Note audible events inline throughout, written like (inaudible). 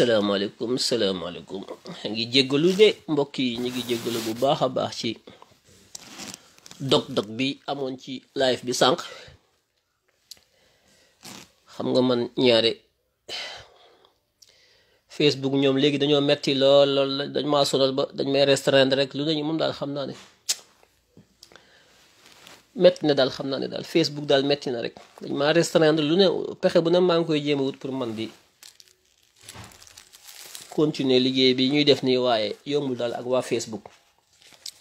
salaamaaleykum salaamaaleykum ngi jéggalu de mbokk yi ñu ngi jéggalu bu baax a baax ci dog-dog bi amoon ci live bi sànq xam nga man ñaare Facebook ñoom léegi dañoo metti lool lool dañ maa sonal ba dañ may restreindre rek lu nañu moom daal xam naa ne metti na daal xam naa ne daal Facebook daal metti na rek dañ maa restreindre lu ne pexe bu ne maa ngi koy jéem wut pour man di continuer liggéey bi ñuy def nii waaye yombul daal ak waa Facebook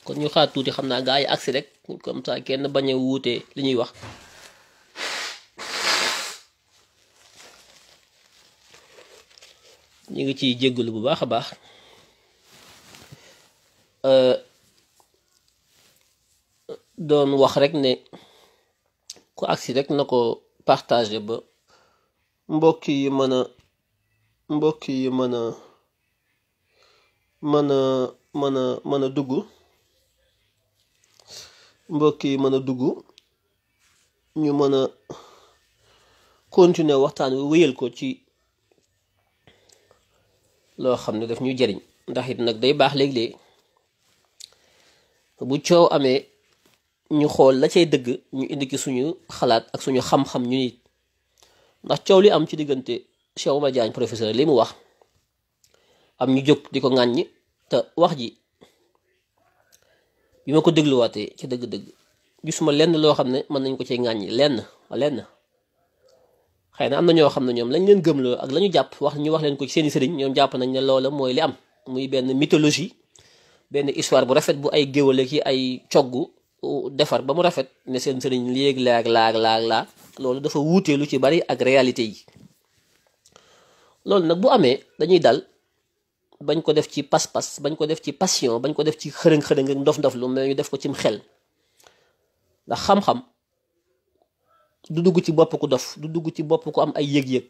kon ñu xaar tuuti xam naa gaa yi agsi rek comme ça kenn bañ a wuute li ñuy wax. ñu ngi ciy jégalu bu baax a baax euh, doon wax rek ne ku agsi rek na ko partage ba mbokk yi mën a mbokk yu mën a mën a mën a mën a dugg mbokk yi mën a dugg ñu mën a continuer waxtaan wi wéyal ko ci loo xam ne daf ñuy jariñ ndax it nag day baax léeg-léeg bu coow amee ñu xool la cay dëgg ñu indi ci suñu xalaat ak suñu xam-xam ñu nit ndax coow li am ci diggante sew ma Diagne professeur li mu wax am ñu jóg di ko ŋàññi te wax ji bi ma ko dégluwaatee ci dëgg-dëgg suma lenn loo xam ne mën nañ ko cee ŋàññi lenn lenn xëy na am na ñoo xam ne ñoom lañ leen gëmloo ak la ñu jàpp wax ñu wax leen ko ci seeni sëriñ ñoom jàpp nañ ne loola mooy li am muy benn mythologie benn histoire bu rafet bu ay géwale ki ay coggu uh, defar ba mu rafet ne seen sëriñ léeg ak laag laag laag loolu dafa wuutee lu ci bari ak réalité yi loolu nag bu amee dañuy dal bañ ko def ci pass pass bañ ko def ci passion bañ ko def ci xërëng-xërëng ak ndof-ndof lu mais ñu def ko cim xel da xam-xam du dugg ci bop ko dof du dugg ci bop ko am ay yeg yeg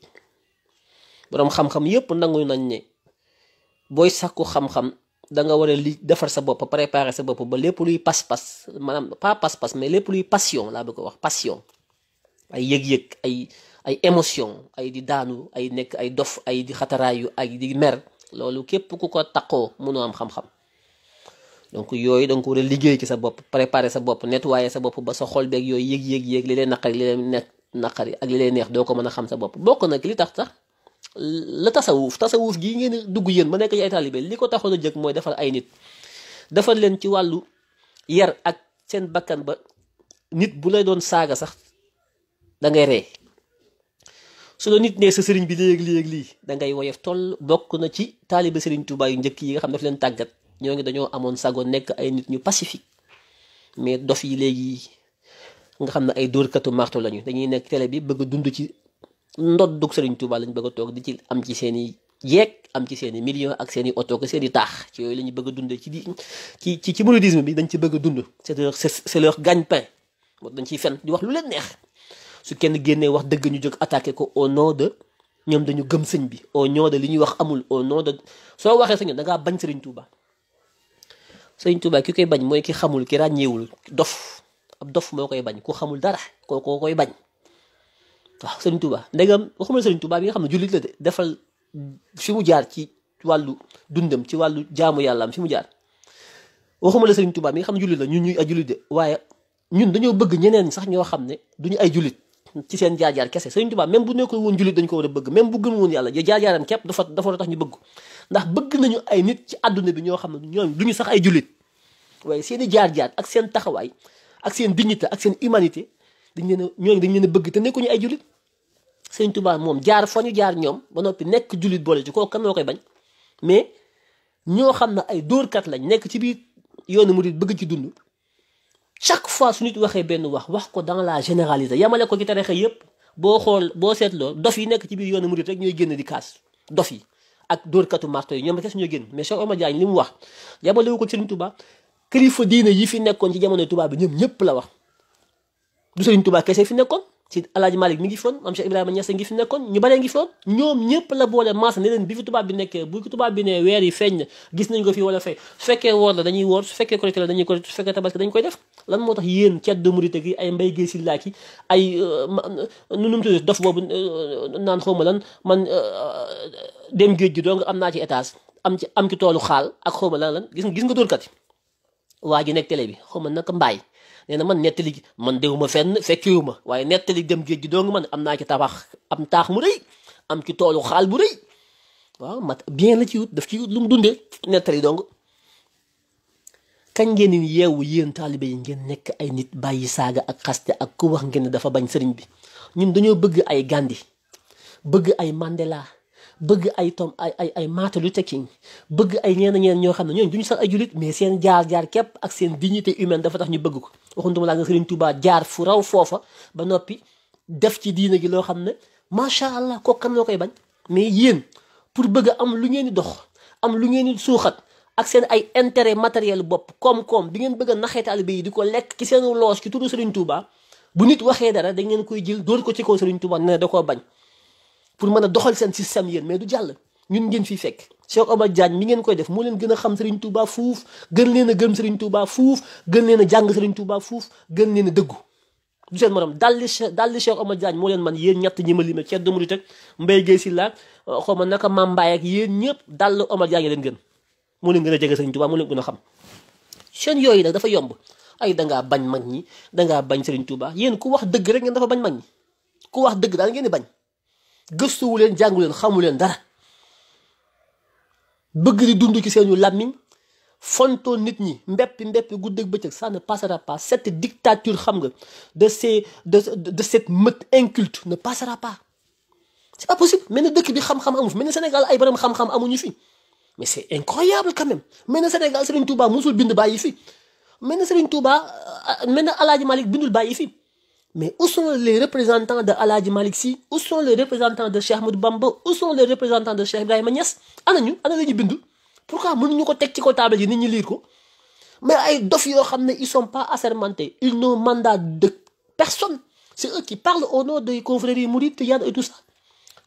borom xam-xam yépp nanguy nañ ne boy sàkku xam-xam da nga wara li defar sa bop préparer sa bop ba lepp luy pas pass manam pas pass pass mais lepp luy passion la bëgg wax passion ay yeg yeg ay ay émotion ay di daanu ay nek ay dof ay di xataraayu ay di mer loolu képp ku ko taqoo mënoo am xam-xam donc yooyu da ko war a liggéey ci sa bopp préparer sa bopp nettoyer sa bopp ba sa xol beeg yooyu yëg yëg yëg li leen naqari li leen nekk naqari ak li neex doo ko mën a xam sa bopp bokk nag li tax sax la tasawuf tasawuf gii ngeen dugg yéen ba nekk ci ay taalibe li ko taxoon a jëkk mooy defar ay nit defar leen ci wàllu yar ak seen bakkan ba nit bu la doon saaga sax da ngay ree su la nit nee sa sëriñ bi léegi léegi lii dangay ngay woyof toll bokk na ci taaliba sëriñ Tuubaa yu njëkk yi nga xam daf leen tàggat ñoo ngi dañoo amoon sago nekk ay nit ñu pacifique mais dof yi léegi nga xam ne ay dóorkatu marto lañu dañuy nekk télé bi bëgg a dund ci ndoddug sëriñ Tuubaa lañ bëgg toog di ci am ci seen i yeeg am ci seen i ak seen i oto seen i taax ci yooyu la ñuy bëgg a dund ci di ci ci ci mouridisme bi dañ ci bëgg dund c'est leur c'est leur dañ ciy fen di wax lu leen neex su kenn génnee wax dëgg ñu jóg attaqué ko au nom de ñoom dañu gëm sëñ bi au nom de li ñuy wax amul au nom de soo waxee sëñ da ngaa bañ sëriñ Touba. sëriñ Touba ki koy bañ mooy ki xamul ki ràññeewul dof ab dof moo koy bañ ku xamul dara kookoo koy bañ waaw sëriñ Touba ndegam waxuma sëriñ Touba bi nga xam ne jullit la defal fi mu jaar ci wàllu dundam ci wàllu jaamu yàllaam fi mu jaar. waxuma la sëriñ Touba mi nga xam ne jullit la ñun ñuy ay jullit de waaye ñun dañoo bëgg ñeneen sax ñoo xam ne duñu ay jullit ci seen jaar-jaar kese Sëriñ Tuubaa même bu nekkul woon jullit dañ ko war a bëgg même bu gëm woon yàlla ya jaar-jaaram képp dafa dafa tax ñu bëgg ndax bëgg nañu ay nit ci àdduna bi ñoo xam ne ñoom duñu sax ay jullit waaye seen jaar-jaar ak seen taxawaay ak seen dignité ak seen humanité dañ leen a ñooñu dañ leen a bëgg te nekkuñu ay jullit Sëriñ Tuubaa moom jaar fa ñu jaar ñoom ba noppi nekk jullit boole ci kooku kan moo koy bañ mais ñoo xam na ay dóorkat lañ nekk ci biir mu di bëgg ci dund chaque fois su nit waxee benn wax wax ko dans la généralité yamale ko ci tarixa yépp boo xool boo seetloo dof yi nekk ci biir mu murit rek ñooy génn di kaas dof yi ak dóorkatu marto yi ñoom rek ñoo génn mais Cheikh Omar Diagne li mu wax yamale ko Serigne Touba kilifa diine yi fi nekkoon ci jamono Touba bi ñëpp ñëpp la wax du Serigne Touba kese fi nekkoon ci alaaji Malick mi ngi foon maam Cheikh Ibrahima Niass ngi fi nekkoon ñu baree ngi foon ñoom ñëpp la boole maasa ne leen bi fi tubaab bi nekkee bu fi tubaab bi ne weer yi feeñ na gis nañ ko fii wala fay su fekkee woor la dañuy woor su fekkee korité la dañuy korité su fekkee tabaski dañ koy def lan moo tax yéen ceet de murite gi ay mbay gay si laaki ay euh, nu nu mu tudd dof boobu euh, naan xawma lan man euh, dem géej gi donc am naa ci étage am ci am ci toolu xaal ak xawma lan lan gis gis nga dóorkat yi waa ji nekk télé bi xawma naka mbaay nee man nettali man déwuma fenn fekkiwu ma waaye nettali dem géej gi doongu man am naa ci tabax am taax mu rëy am ci toolu xaal bu rëy waaw mat bien la ci wut daf ci wut lu mu dundee nettali dong kañ ngeen ni yeewu yéen taalibe yi ngeen nekk ay nit bàyyi saaga ak xaste ak ku wax ngeen ne dafa bañ sëriñ bi ñun dañoo bëgg ay gàndi bëgg ay Mandela bëgg ay tom ay ay ay Martin Luther King bëgg ay ñeen ñeen ñoo xam ne ñooñu ñu sax ay jullit mais seen jaar-jaar képp ak seen dignité humaine dafa tax ñu bëgg ko waxuntuma laa nga Serigne Touba jaar fu raw foofa ba noppi def ci diina gi loo xam ne macha allah kooku kam noo koy bañ mais yéen pour bëgg am lu ngeen di dox am lu ngeen di suuxat ak seen ay intérêt matériel bopp koom-koom bi ngeen bëgg a naxee taalibe yi di ko lekk ci seen loos ci turu Serigne Touba bu nit waxee dara da ngeen koy jël dóor ko ci kaw Serigne Touba da koo bañ pour mën a doxal seen système yéen mais du jàll ñun ngeen fiy fekk Cheikh Omar Diagne mi ngeen koy def moo leen gën a xam Serigne Touba fuuf gën leen a gëm Serigne Touba gën leen a jàng Serigne Touba fuuf gën leen dëggu du seen morom dalli dalli Cheikh Omar Diagne moo leen man yéen ñett ñi ma limee ceeb du mu teg Mbaye Guèye xaw ma naka Mame Mbaye ak yéen ñëpp dall Omar Diagne leen gën moo leen gën a jege Serigne Touba moo leen gën a xam seen yooyu nag dafa yomb ay dangaa bañ mag ñi dangaa bañ Serigne Touba yéen ku wax dëgg rek ngeen dafa bañ mag ñi ku wax dëgg daal ngeen bañ gëstuwu leen jàngu leen xamu leen dara bëgg di dund ci seenu làmmiñ fonto nit ñi Mbep, mbéppi guddeeg bëccëg ça ne passera pas cette dictature xam nga de ces de de cette meute inculte ne passera pas c'est pas possible Mais ne dëkk bi xam-xam amu fi Mais na Sénégal ay borom xam-xam amuñu fi mais c'est incroyable quand même Mais na Sénégal Serigne Touba musul bind bàyyi fi Mais na Serigne Touba euh, mais na Alaaji Malik bindul bàyyi fi mais où sont les représentants de Aladji Malik Où sont les représentants de Cheikh Ahmadou Bamba Où sont les représentants de Cheikh Ibrahima Niass ana ñu ñu pourquoi mënuñu ko teg ci ko table nit ñi lire ko mais ay dof yoo ne ils sont pas assermentés ils n'ont mandat de personne c'est eux qui parlent au nom des confréries Mourid, Tiyan et tout ça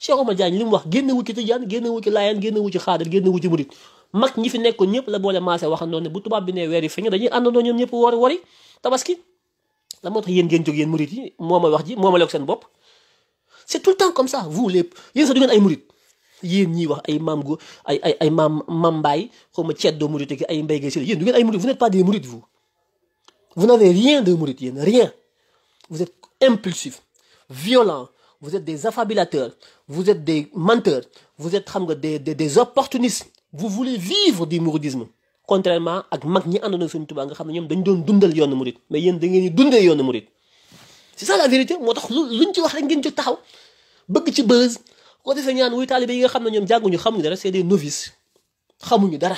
Cheikh Oumar Diagne li mu wax génne wu ci Tidiane génne wu ci Laayeen génne wu ci Xaadir génne wu ci murid mag ñi fi nekkoon ñëpp la boole de waxandoon ne bu tubaab bi ne weer yi feeñu dañuy àndandoo ñoom ñëpp wori wori tabaski la montre tax yéen ngeen jóg yéen yi moo ma wax ji moma ma sen bop c'est tout le temps comme ça vous les yéen sa du ngeen ay murit yéen ñi wax ay maam go ay ay ay mam maam mbaay xaw ma ceddoo ay mbay ay vous n'êtes pas des murit vous vous n'avez rien de murit a rien vous êtes impulsif violent vous êtes des affabulateurs vous êtes des menteurs vous êtes des des des opportunistes vous voulez vivre du mouridisme contrairement ak mag ñi àndoon Serigne Touba nga xam ne dañ doon dundal yoonu murit mais yéen da ngeen di dundee yoonu murit c'est ça la vérité motax luñ ci wax rek ngeen ci taxaw bëgg ci buzz ko defé ñaan wuy talibé yi nga xam ñom ñoom xamuñu dara c'est des novices xamuñu dara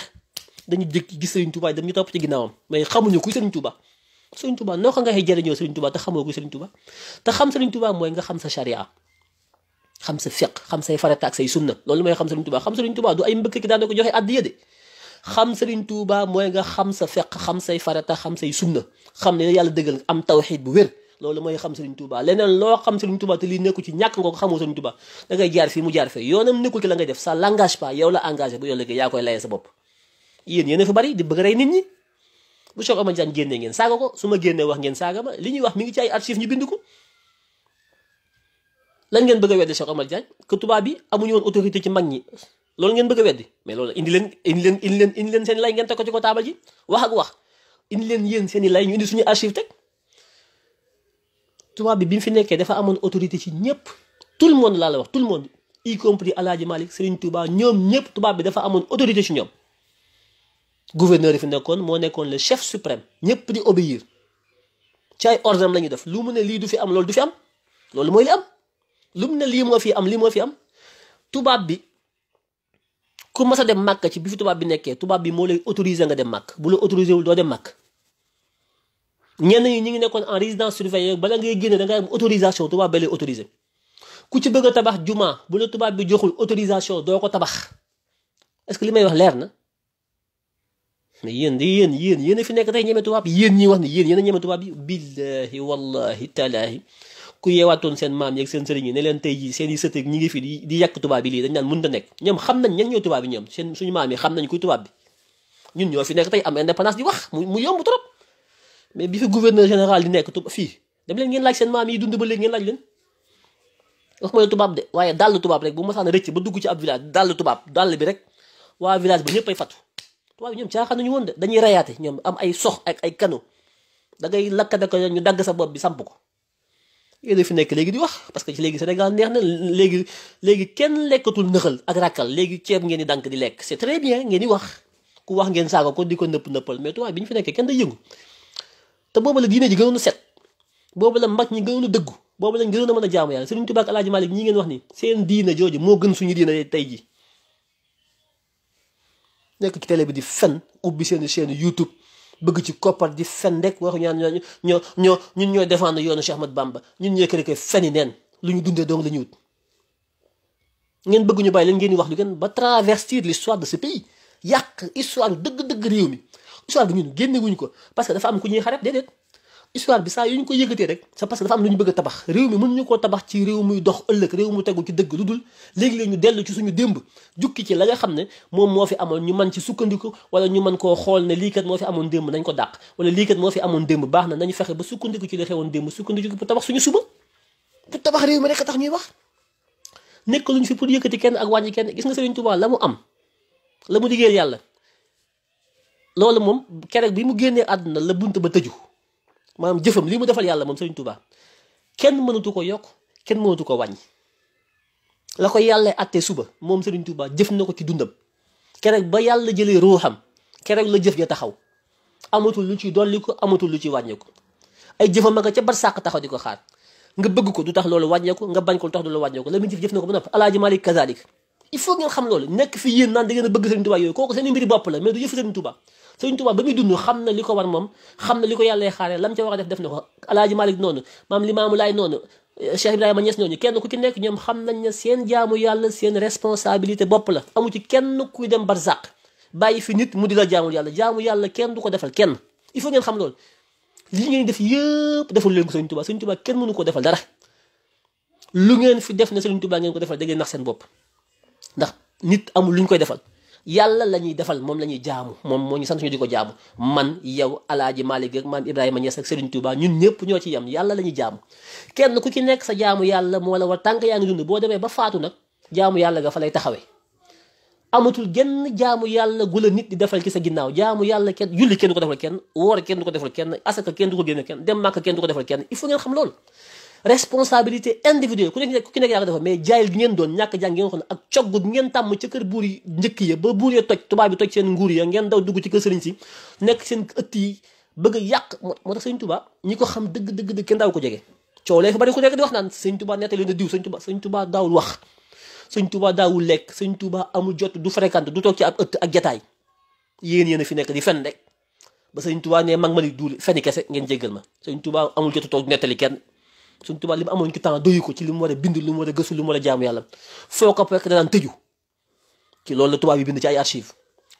dañu jékki gis Serigne Touba dañu top ci ginaawam mais xamuñu ku Serigne Touba Serigne Touba noko nga xëy jëriñu Serigne Touba ta xamoo ku Serigne Touba ta xam Serigne Touba moy nga xam sa sharia xam sa fiqh xam say farata ak say sunna loolu moy xam Serigne Touba xam Serigne Touba du ay mbëkk ki daan ko joxe addiya de xam sa Serigne Touba mooy nga xam sa feq xam say farata xam say sunna xam ne yàlla dëggal am tawxiid bu wér loolu mooy xam Serigne Touba leneen loo xam Serigne Touba te lii nekku ci ñàkk nga ko xamoo Serigne Touba da ngay jaar fii mu jaar fee yoonam nekkul ci la ngay def ça l'engage pas yow la engagé bu yow léegi koy layee sa yéen yéen a di bëgg rey nit ñi bu Cheikh Oumar Diagne génnee ngeen saaga ko su ma génnee wax ngeen saaga ma li ñuy wax mi ngi ci ay archive ñu bind ko lan ngeen bëgg a wedde Cheikh Oumar Diagne que tubaab bi amuñu woon autorité ci mag ñi loolu ngeen bëgg a weddi mais loolu indi leen indi leen indi leen indi leen seen lay ngeen teg ko ci ko taabal ji wax ak wax indi leen yéen seen i lay ñu indi suñu archive teg tubaab bi bi mu fi nekkee dafa amoon autorité ci ñëpp tout le monde laa la wax tout le monde y compris Alaaji Malik Serigne Touba ñoom ñëpp tubaab bi dafa amoon autorité ci ñoom gouverneur yi fi nekkoon moo nekkoon le chef suprême ñëpp di obéir ci ay ordre am la ñuy def lu mu ne lii du fi am loolu du fi loolu mooy li am lu mu ne lii moo fi am lii moo fi am tubaab bi ku mas a dem màkk ci bi fi tubaab bi nekkee tubaab bi moo lay autorisé nga dem màkk bu la autorisé wul doo dem màkk ñenn ñi ñu ngi nekkoon en résidence surveillée bala ngay génne da ngay am autorisation tubaab ba lay ku ci bëgg a tabax juma bu la tubaab bi joxul autorisation doo ko tabax est que li may wax leer na mais yéen di yéen yéen yéen a fi nekk tey ñeme tubaab yéen ñi wax ni yéen yéen a ñeme tubaab bi billahi wallahi talaahi ku yeewaatoon seen maam yeeg seen sëriñ yi ne leen tey seen i sët ñi ngi fi di yàq tubaab yi lii dañ naan mënut a nekk ñoom xam nañ ñan ñoom ñoo fi nekk tey am indépendance di wax mu yomb trop mais bi fi gouverneur di nekk tubaab fii dem leen ngeen laaj seen maam dund ba léegi ngeen laaj leen wax mooy tubaab de waaye dàll tubaab rek bu masaan rëcc ba dugg ci ab village dàll tubaab dàll bi rek waa village ba ñëpp ay fatu tubaab yi ñoom caaxaan nañu woon de dañuy rayaate ñoom am ay sox ak ay kano da ngay lakk ñu dagg sa bopp bi samp ko yéen a fi nekk léegi di wax parce que léegi Sénégal neex na léegi léegi kenn lekkatul nëxal ak rakkal léegi ceeb ngeen di dànk di lekk c'est très bien ngeen di wax ku wax ngeen saaga ko di ko nëpp nëppal mais tubaab bi ñu fi nekkee kenn day yëngu te boobu la diine ji gënoon a set boobu la mag ñi gënoon a dëggu boobu la gënoon a mën a jaamu yàlla Sëriñ Tuubaa ak Alaaji Maalik ñi ngeen wax ni seen diine jooju moo gën suñu diine tey ji nekk ci télé bi di fen ubbi seen seen YouTube bëgg ci koppar di fen rek waxu ñaan ñoo ñoo ñoo ñun ñooy défendre yoonu Cheikh Ahmad Bamba ñun ñooy kërike feni neen lu ñu dundee donc la ñu wut ngeen bëgg ñu bàyyi leen ngeen di wax lu ngeen ba traverser l'histoire de ce pays yàq histoire dëgg-dëgg réew mi histoire bi ñun génne ko parce que dafa am ku ñuy xarab déedéet histoire bi saa yu ñu ko yëgatee rek c'est parce que dafa am lu ñu bëgg a tabax réew mi mënuñu koo tabax ci réew muy dox ëllëg réew mu tegu ci dëgg lu dul léegi la ñu dellu ci suñu démb jukki ci la nga xam ne moom moo fi amoon ñu man ci sukkandiku wala ñu mën koo xool ne lii kat moo fi amoon démb nañ ko dàq wala lii moo fi amoon démb baax na nañu fexe ba sukkandiku ci li xewoon démb sukkandiku pour tabax suñu suba pour tabax réew mi rek a tax ñuy wax nekk luñ fi pour yëkkati kenn ak wàññi kenn gis nga Serigne Touba am la mu liggéeyal yàlla loolu moom keroog bi mu génnee àdduna la bunt ba tëju maanaam jëfam li mu defal yàlla moom Sëriñ Tuubaa kenn mënatu ko yokk kenn mënatu ko wàññi la ko yàlla àttee suba moom Sëriñ Tuubaa jëf na ko ci dundam keroog ba yàlla jëlee ruuxam keroog la jëf ja taxaw amatul lu ci dolli ko amatul lu ci wàññeeku ay jëfam nga ca bar sàq taxaw di ko xaar nga bëgg ko du tax loolu wàññeeku nga bañ ko du tax du la wàññeeku la muy jëf jëf na ko ba noppi alaaji Malik kazalik il faut ngeen xam loolu nekk fi yéen naan da ngeen a bëgg sëñ Tuubaa ba muy dund xam na li ko war moom xam na li ko yàlla xaare lam ca war a def def na ko alaaji Malik noonu maam Limaamu Laay noonu Cheikh Ibrahima Niass ñooñu kenn ku ci nekk ñoom xam nañ ne seen jaamu yàlla seen responsabilité bopp la amu ci kenn kuy dem barzaq bàyyi fi nit mu di la jaamul yàlla jaamu yàlla kenn du ko defal kenn il faut ngeen xam loolu li ngeen def yëpp deful leen ko sëñ Tuubaa sëñ Tuubaa kenn mënu koo defal dara lu ngeen fi def na sëñ Tuubaa ngeen ko defal da ngeen seen bopp nit amul lu koy defal yàlla la ñuy defal moom la ñuy jaamu moom moo ñu sant ñu di ko jaamu man yow alaaji Malick ak maam Ibrahima Niass ak Serigne Touba ñun ñëpp ñoo ci yem yàlla la ñuy jaamu kenn ku ci nekk sa jaamu yàlla moo la war tànk yaa ngi dund boo demee ba faatu nag jaamu yàlla ga fa lay taxawee amatul genn jaamu yàlla gu la nit di defal ci sa ginnaaw jaamu yàlla kenn julli kenn du ko defal kenn woor kenn du ko defal kenn asaka kenn du ko génne kenn dem màkk kenn du ko defal kenn il faut ngeen xam loolu responsabilité individuelle ku nekk ku nekk yaa ko defa mais jaayil gi ngeen doon ñàkk jàng ngeen xam ne ak cogg gi ngeen tàmm ci kër buur yi njëkk ya ba buur ya toj tubaab bi toj seen nguur ya ngeen daw dugg ci nekk seen ëtt yi bëgg yàq moo tax sëriñ ñi ko xam dëgg dëgg dëgg kenn daaw ko jege coow lee fi bari ku nekk di wax naan sëriñ Tuubaa nettali na diw sëriñ Tuubaa sëriñ Tuubaa lekk sëriñ Tuubaa amul jot du fréquente du toog ci ab ëtt ak jataay yéen yéen a fi nekk di fen rek ba sëriñ Tuubaa ne mag ma di duul feni kese ngeen jéggal ma sëriñ tubaa amul jot toog nettali kenn Sëñ Tuubaa li mu amoon ci temps doyu ci li mu war a bind li mu war a gëstu li mu war a jaamu yàlla foo ko fekk danaan tëju ci la tubaab yi bind ci ay archive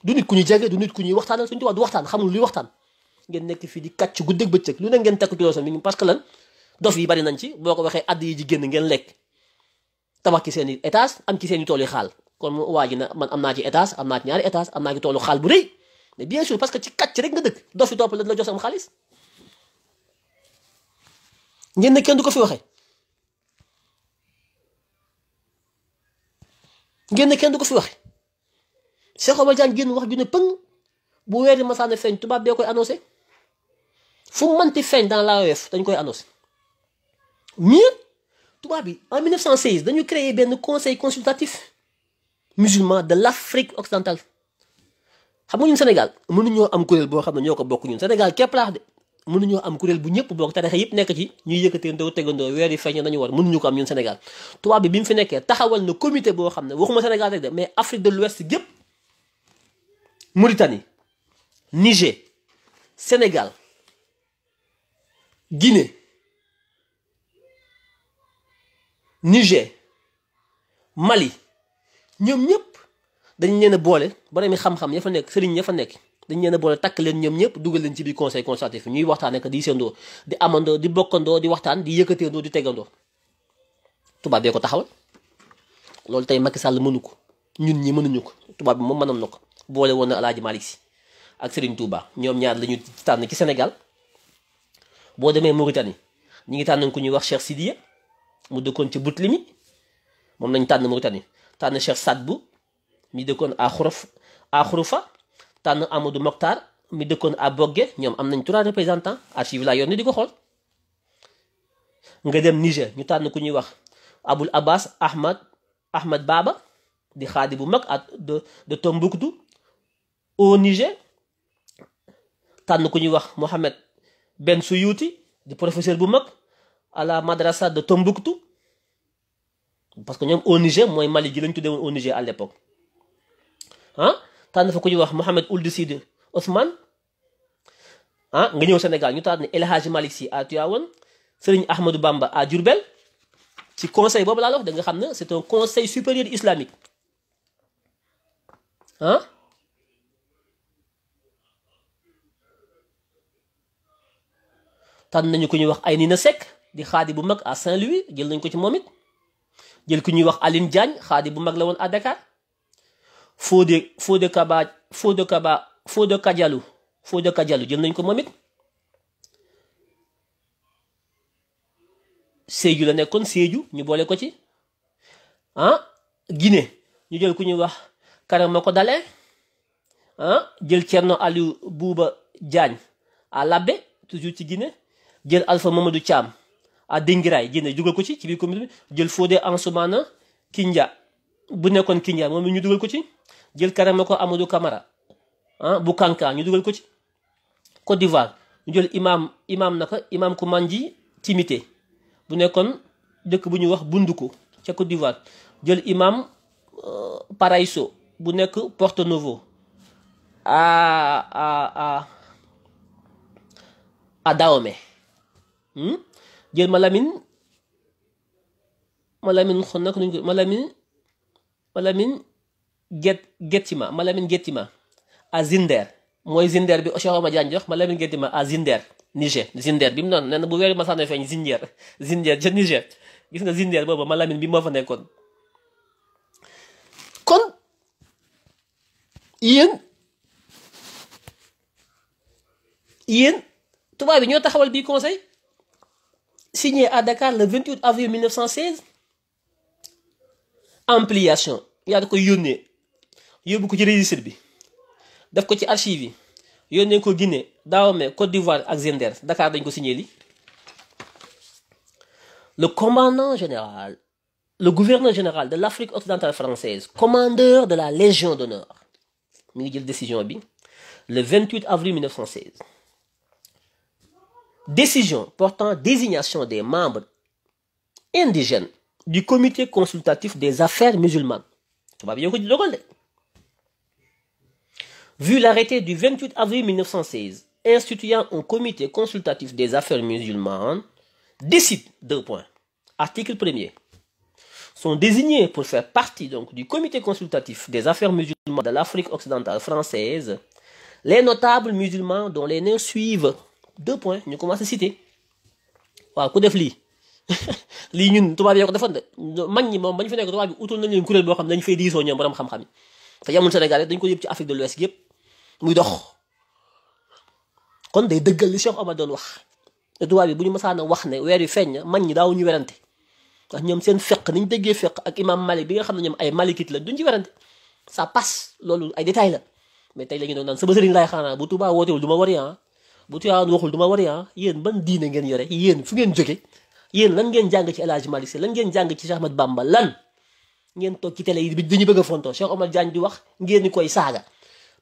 du nit ku ñuy jege du nit ku ñuy waxtaanal Sëñ Tuubaa du waxtaan xamul luy waxtaan ngeen nekk fii di kàcc guddeeg bëccëg lu ne ngeen ci loolu sax que lan dof yi bari ci boo ko waxee àdd yi ngeen lekk tabax ci seen i étage am ci tool yi xaal kon waa na man am naa am naa ci ñaari étage am xaal bu rëy mais bien sûr parce que ci kàcc rek nga dëkk dof yi topp la jox sam xaalis ngeen ne kenn du ko fi waxe ngeen ne kenn du ko fi waxe Cheikh Omar Diagne génn wax ju ne pëng bu weeri masaane feeñ tubaab bee koy annoncer fu mu mënti feeñ dans l'AOF dañ koy annoncer mieux tubaab bi en 1916 dañu créer ben conseil consultatif musulman de l'Afrique occidentale xam nga ñun Sénégal mënuñoo am kurel bo xam ne ñoo ko ñun Sénégal képp laax de mun mënuñoo am kuréel bu ñëpp bokk tarixa yëpp nekk ci ñuy yëkkateendoo tegandoo weer yi feeñ nañu war mënuñu ko am ñun Sénégal tubaab bi bi mu fi nekkee taxawal na comité boo xam ne waxuma Sénégal rek de mais Afrique de l'Ouest gépp Mauritanie Niger Sénégal Guinée Niger Mali ñoom ñëpp dañ leen a boole boromi xam-xam ya fa nekk sëriñ ya fa nekk dañ leen a boole takk leen ñoom ñëpp dugal leen ci biir conseil consultatif ñuy waxtaan ak di seendoo di amandoo di bokkandoo di waxtaan di yëkkateendoo di tegandoo tubaab bee ko taxawal loolu tey Macky Sall mënu ko ñun ñi mënuñu ko tubaab bi moom mënoon na ko boole woon na El Hadj Malick ak Serigne Touba ñoom ñaar la tànn ci Sénégal boo demee Mauritanie ñi ngi tànn ku ñuy wax Cheikh Sidiya mu dëkkoon ci but Boutlimie moom nañ tànn Mauritanie tànn Cheikh Sadbou ñu dëkkoon a Xuruf à Xurufa tan Amadou Mokhtar mi dekon a Bogué ñom am nañ trois représentants archive la yoon ni di ko nga dem Niger ñu tan ku ñuy wax Aboul Abbas Ahmad Ahmad Baba di khadi bu de de Tombouctou au Niger tan ku ñuy wax Mohamed Ben souyuti de professeur bu à la madrasa de Tombouctou parce que ñom au Niger moy Mali gi lañ tuddee au Niger à l'époque hein Tanda fa ku ñu wax mohammed Ould Sidi Ousmane ah nga ñew senegal ñu tan El Hadj malik si a tiawon Serigne Ahmadou Bamba a Diourbel ci conseil bobu la wax da nga xamne c'est un conseil supérieur islamique ah Tanda nañu ko ñu wax ay Nina di khadi bu mag a Saint-Louis jël nañ ko ci momit jël ku ñu wax Aline Diagne khadi bu mag la won a Dakar Fodé de Kaba Fodé Kaba Fodé Kajalu Fodé Kajalu jël nañ ko moom it la nekkoon Sédhiou ñu boole ko ci ah Guinée ñu jël ku ñuy wax Karamoko Dale ah jël Thierno Aliou Bouba Diagne à Labé toujours ci gine jël Alpha Mamadou Thiam à Dinguiraye Guinée dugal ko ci ci biir commune bi jël Fodé Ansoumana Kindia bu nekkoon Kindia moom ñu dugal ko ci. jël karama ko Amadou Camara ah bu Kanka ñu duggal ko ci Côte d'Ivoire ñu jël imam imam naka imam manji Timité bu nekkoon dëkk bu ñu wax Bunduku ci Côte d'Ivoire jël imam euh, paraiso, bu nekk Porto Novo a a a hmm jël Malamine Malamine xon nag nuñ ko Malamine Malamine get ma Malamine Géttima à Zinder mooy Zinder bi Cheikh Oumar Diagne jox Malamine Géttima à Zinder Niger Zinder bi mu noonu nee na bu weeru masaana feeñ Zinder Zinder ca Niger gis nga Zinder boobu Malamine bi moo fa nekkoon kon yéen yéen tubaab bi ñoo taxawal bi conseil signé à Dakar le 28 avril 1916 ampliation yaa da koy yónnee Côte d'Ivoire le commandant général le gouverneur général de l'Afrique occidentale française commandeur de la Légion d'honneur décision le 28 avril 1916 décision portant désignation des membres indigènes du comité consultatif des affaires musulmanes vu l'arrêté du 28 avril 1916 instituant un comité consultatif des affaires musulmanes, décide, deux points, article 1er, sont désignés pour faire partie donc, du comité consultatif des affaires musulmanes de l'Afrique occidentale française les notables musulmans dont les noms suivent, deux points, nous commençons à citer. waaw ku def lii (laughs) Li ñun tubaab bi ko defoon de mag ñi moom ba ñu fi nekk tubaab bi utul nañu kurel bo xam dañ fay diiso ñoom borom xam-xam fa te yamul dañ ko yeb ci Afrique de l'Ouest yeb muy dox kon day deugal li Cheikh amadou wax te tubaab buñu bu ñu wax ne weer yu feeñ mag ñi daaw ñu werante wax ñom seen fekk niñ déggé fekk ak imam Malik bi nga xamna ñom ay malikit la duñ ci werante ça passe lolu ay détail la mais tay la ñu doon naan sama sëriñ lay xana bu tuba wote du duma wari ah bu tuba waxul du ma wari ah yéen ban diine ngeen yore yéen fu ngeen jóge yéen lan ngeen jàng ci El malik lan ngeen jàng ci Cheikh Ahmad Bamba lan ngeen tok ci télé yi dañuy bëgg fonto Cheikh Omar Diagne di wax ngeen ni koy saga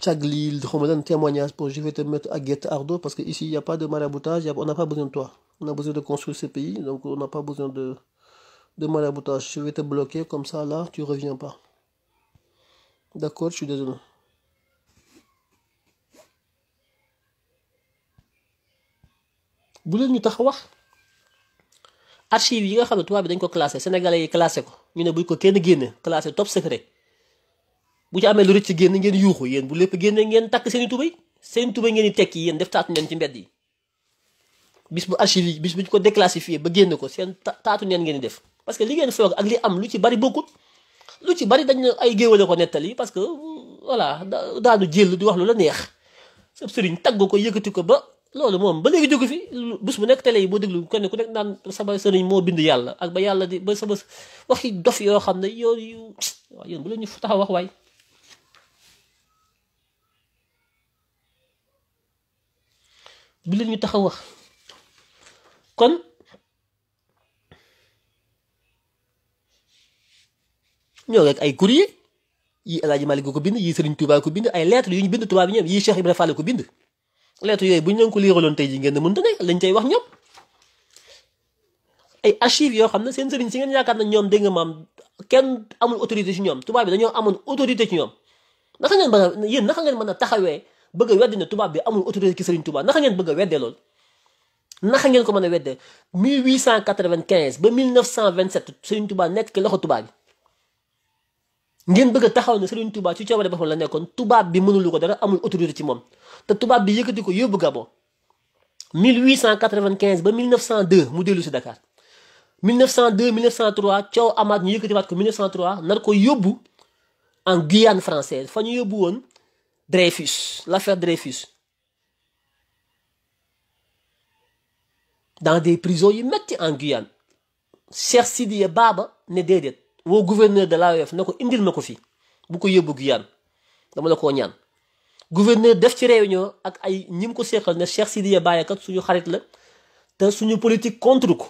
Tchaglil, témoignage pour je vais te mettre à guette Ardo parce qu'ici il n'y a pas de maraboutage, on n'a pas besoin de toi. On a besoin de construire ce pays, donc on n'a pas besoin de, de maraboutage. Je vais te bloquer comme ça, là, tu reviens pas. D'accord, je suis désolé. bu vous ñu tax wax archive yi nga xam ne ko classé sénégalais yi classé ko ñu ne buñ ko kenn génne classé top secret bu ci amé lu rëcc génn ngeen yuuxu yeen bu lepp génne ngeen tak seen i seen tubay ngeen tekki def taatu ñen ci mbedd yi bis bu archive bis bu ko déclassifier ba génn ko seen taatu ñen ngeen def parce que li ngeen ak li am lu ci bari bokut, lu ci bari dañ ay géewale ko netali parce que voilà daanu jël di wax lu la neex sab sëriñ taggo ko yëkëti ko ba lolu mom ba legi jogu fi bus bu nek tele yi boo déglu kenn ku nan sa ba serigne mo bind yalla ak ba yalla di ba sama waxi dof yo xamne yo, yooyu waaw bu wax way bi leen ñu taxaw wax kon ñoo rek ay courrier yii El Hadj Malick ko bind yii Serigne Touba ko bind ay lettres yu ñu bind tubaab yi ñoom yii Cheikh Ibrahima Fall ko bind. lettres yooyu bu ñu leen ko liiraloon tey ji ngeen ne mënta ne lañ cay wax ñoom ay archives yoo xam ne seen sëriñ si ngeen yaakaar nañ ñoom dégg nga maam kenn amul autorité ci ñoom tubaab bi dañoo amoon autorité ci ñoom naka ngeen mën a yéen naka ngeen mën a taxawee. bëgg a weddi na tubaab bi amul autorité ki Serigne Touba naka ngeen bëgg a weddee loolu naka ngeen ko a weddee 1895 ba 1927 Serigne Touba nekk ki loxo tubaab bi ngeen bëgg taxaw ne Serigne Touba ci coobare boppam la nekkoon tubaab bi mënulu ko dara amul autorité ci moom te tubaab bi yëkkati ko yóbbu Gabon 1895 ba 1902 mu dellu si Dakar 1902 1903 coow amaat ñu yëkkatiwaat ko 1903 nar ko yóbbu en Guyane française fa ñu yóbbu woon. Dreyfus, l'affaire Dreyfus. dans des prisons ils mettent en Guyane Cheikh Sidiya Baba ne déedéet vous gouverneur de la na ko indil ma ko fii bu ko yóbbu Guyane dans mon koo ñaan gouverneur def ci réunion ak ay ñim ko seexal ne Cheikh Sidiya Baba kat suñu xarit la te suñu politique contre ko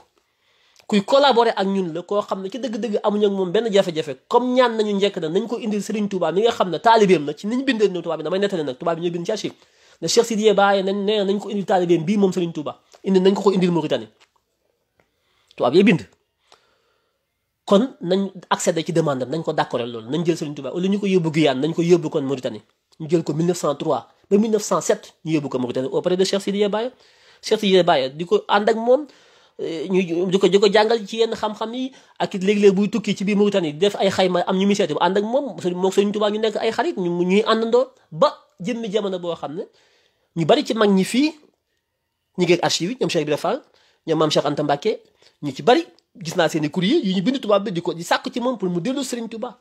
kuy collaborer ak ñun la koo xam ne ci dëgg-dëgg amuñu ak moom benn jafe-jafe comme ñaan nañu njekk na nañ ko indil Serigne Touba mi nga xam ne taalibeem la ci niñ bindee tubaab bi damay nettali nag ne ko indil taalibeem bii moom Serigne Touba indi nañ ko ko indil bind kon nañ accéder ci demande nañ ko d'accord loolu nañ jël Serigne Touba au ñu ko yóbbu Guyane nañ ko yóbbu kon Mauritanie ñu jël ko 1903 ba 1907 ñu yóbbu ko Mauritanie auprès de Cheikh Sidiye Baye Cheikh Sidiye Baye di ko ànd ak moom ñu di ko jangal ci yenn xam-xam yi ak it léeg-léeg tukki ci biir Mauritanie def ay xayma am ñu initiative and ak mom moom Sëriñ Tuubaa ñu nek ay xarit ñu ñuy àndandoo ba jëmmi jamono bo xamne ñu bari ci mag ñi fii ñu ngi ak archive yi Cheikh Ibra Fall mam Cheikh Anta Mbacké ñu ci bari gis na seen courrier yu ñu bind tubaab bi diko di sakku ci mom pour mu dellu Sëriñ Tuubaa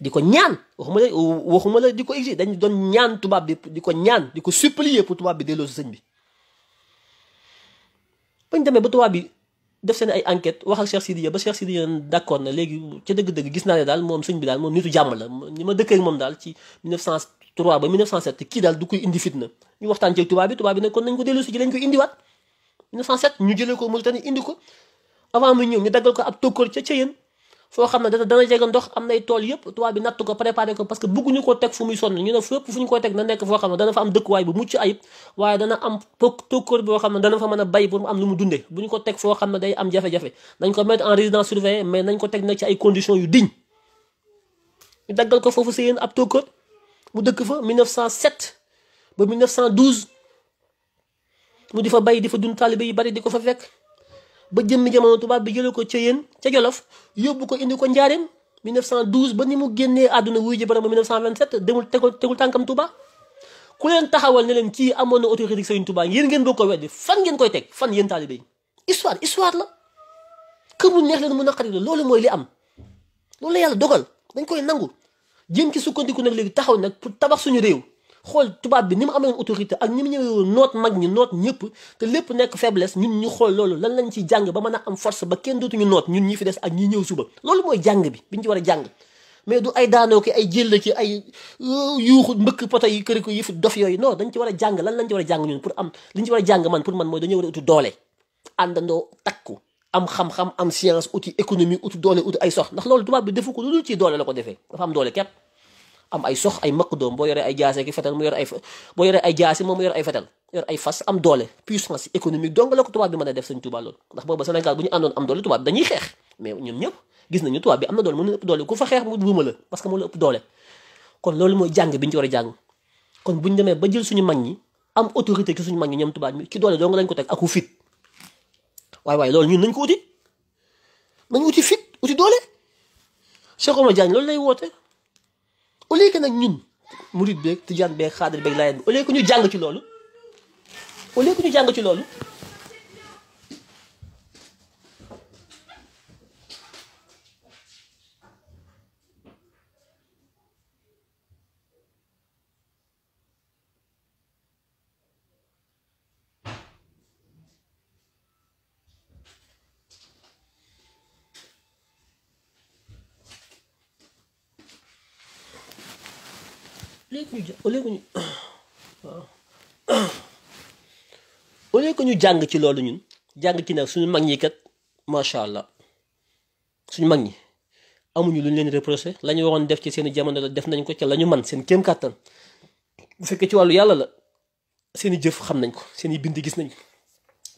diko ñaan waxuma la waxuma la diko ko exi dañu doon ñaan tubaab bi diko ñaan diko supplier pour tubaab bi delloo si bi bañ demee ba tubaab bi def seen ay enquête wax ak Cheikh Sidiya ba Cheikh Sidiya d'accord na léegi ca dëgg-dëgg gis naa ne daal moom sëñ bi daal moom nitu jàmm la ni ma dëkkee ak moom daal ci 1903 ba 1907 kii daal du koy indi fitna ñu waxtaan ci tubaab bi tubaab bi nag kon nañ ko dellu si ji lañ koy indiwaat 1907 ñu jëlee ko Mauritanie indi ko avant mu ñëw ñu daggal ko ab tokkoor ca Ceyeen fo xamne da dana jégg ndox am nay tol yëpp toba bi natt ko préparer ko parce que bëgguñu ko tek fu muy son ñu na fépp fuñ ko tek na nek fo xamne dana fa am dëkk way bu mucc ayib waye dana am tok tokor bo xamne dana fa mëna bay pour am lu mu dundé buñ ko tek fo xamne day am jafe-jafe nañ ko mettre en résidence surveillée mais nañ ko tek nag ci ay conditions yu digne ñu daggal ko fofu seen ab tokor bu dëkk fa 1907 ba 1912 mu difa bay difa fa dund taalibe yu bari diko fa fekk ba jëmmi jamono tubaab bi jëlee ko ca yéen ca Jolof yóbbu ko indi ko Njaareem 1912 ba ni mu génnee àdduna wuy ji borom ba 1927 demul tegul tegul tànkam Touba. ku leen taxawal ne leen kii amoon na autorité Serigne tubaa yéen ngeen boo ko weddi fan ngeen koy teg fan yéen taalibe yi histoire histoire la que mu neex leen mu naqari la loolu mooy li am loolu la yàlla dogal dañ koy nangu jéem ci sukkandiku nag léegi taxaw nag pour tabax suñu réew. xool tubaab bi ni mu amee woon autorité ak ni mu ñëwee noot mag ñi noot ñëpp te lépp nekk faiblesse ñun ñu xool loolu lan lañ ci jàng ba mën a am force ba kenn dootuñu noot ñun ñi fi des ak ñi ñëw suba loolu mooy jàng bi biñ ci war a jàng mais du ay daanoo ki ay ay euh, yuuxu mbëkk poto yi këri ko yi dañ ci war a jàng lan lañ ci war a jàng ñun pour am liñ ci war a jàng man pour man mooy dañoo war a utu doole àndandoo takku am xam-xam am science uti économie uti doole uti ay sox ndax loolu tubaab bi defu ko lu dul ci doole la defee dafa am doole am ay sox ay maq doom boo yoree ay jaase ki fetal mu yor ay boo yoree ay jaasi moom mu yor fas am doole puissance économique dong la ko tubaab bi mën a def sëñ Tuubaa loolu ndax booba Sénégal bu ñu àndoon am doole tubaab na doole mën na mooy jàng bi ñu ci war a jàng kon bu ñu demee ba jël suñu mag ñi am tubaab ci doole dong lañ ko teg aku fit waaye waaye loolu ñun nañ ko uti nañ uti fit uti doole Cheikh Oumar Diagne loolu lay woote au que nag ñun murit beeg tijaan beeg xaadir beeg laayeen bi au lieu que ñu jàng ci loolu au lieu ñu jàng ci loolu (coughs) au lieu ñu jàng ci loolu ñun jàng ci nag suñu mag ñi kat macha allah suñu mag ñi amuñu lu ñu leen reproché la ñu waroon def ci seen jamono la def nañ ko ca la ñu man seen kéem kàttan bu fekkee ci wàllu yàlla la seeni jëf xam nañ ko seen i bind gis nañ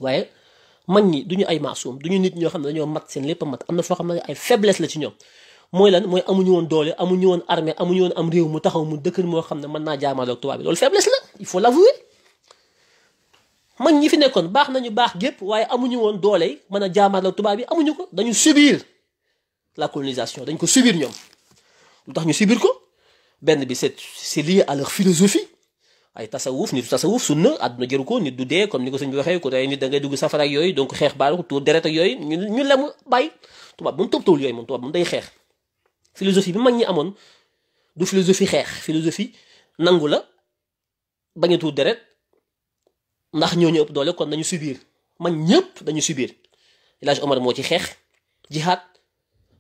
waaye mag ñi du ñu ay maasum du ñu nit ñoo xam ne dañoo mat seen lépp a mat am na foo xam ne ay faiblesse la ci ñoom mooy lan mooy amuñu won doole amuñu won armée amuñu won am réew mu taxaw mu dëkk mo xamne ne mën naa jaamaaloog tubaab bi lol faiblesse la il faut l'avouer mag ñi fi nekkoon bax nañu bax gep waye amuñu won doole yi mën a jaamaaloog bi amuñu ko dañu subir la colonisation dañ ko subir ñom lu tax ñu subir ko benn bi c'est c'est lié à leur philosophie ay tasawuf ni tasawuf sunna àdduna jëru ko nit du dee comme ni ko sëñ bi waxé ko tay nit da ngay dugg safara ak yoy donc xex baalu tour tuur deret ak yoy ñu lamu bay bàyyi bu mu top tool yooyu moom tubaab moom day xex philosophie bi mag ñi amoon du philosophie xeex philosophie nangu la bañ a deret ndax ñoo ñu ëpp doole kon nañu subir mag ñëpp dañu subir El Hadj Omar moo ci xeex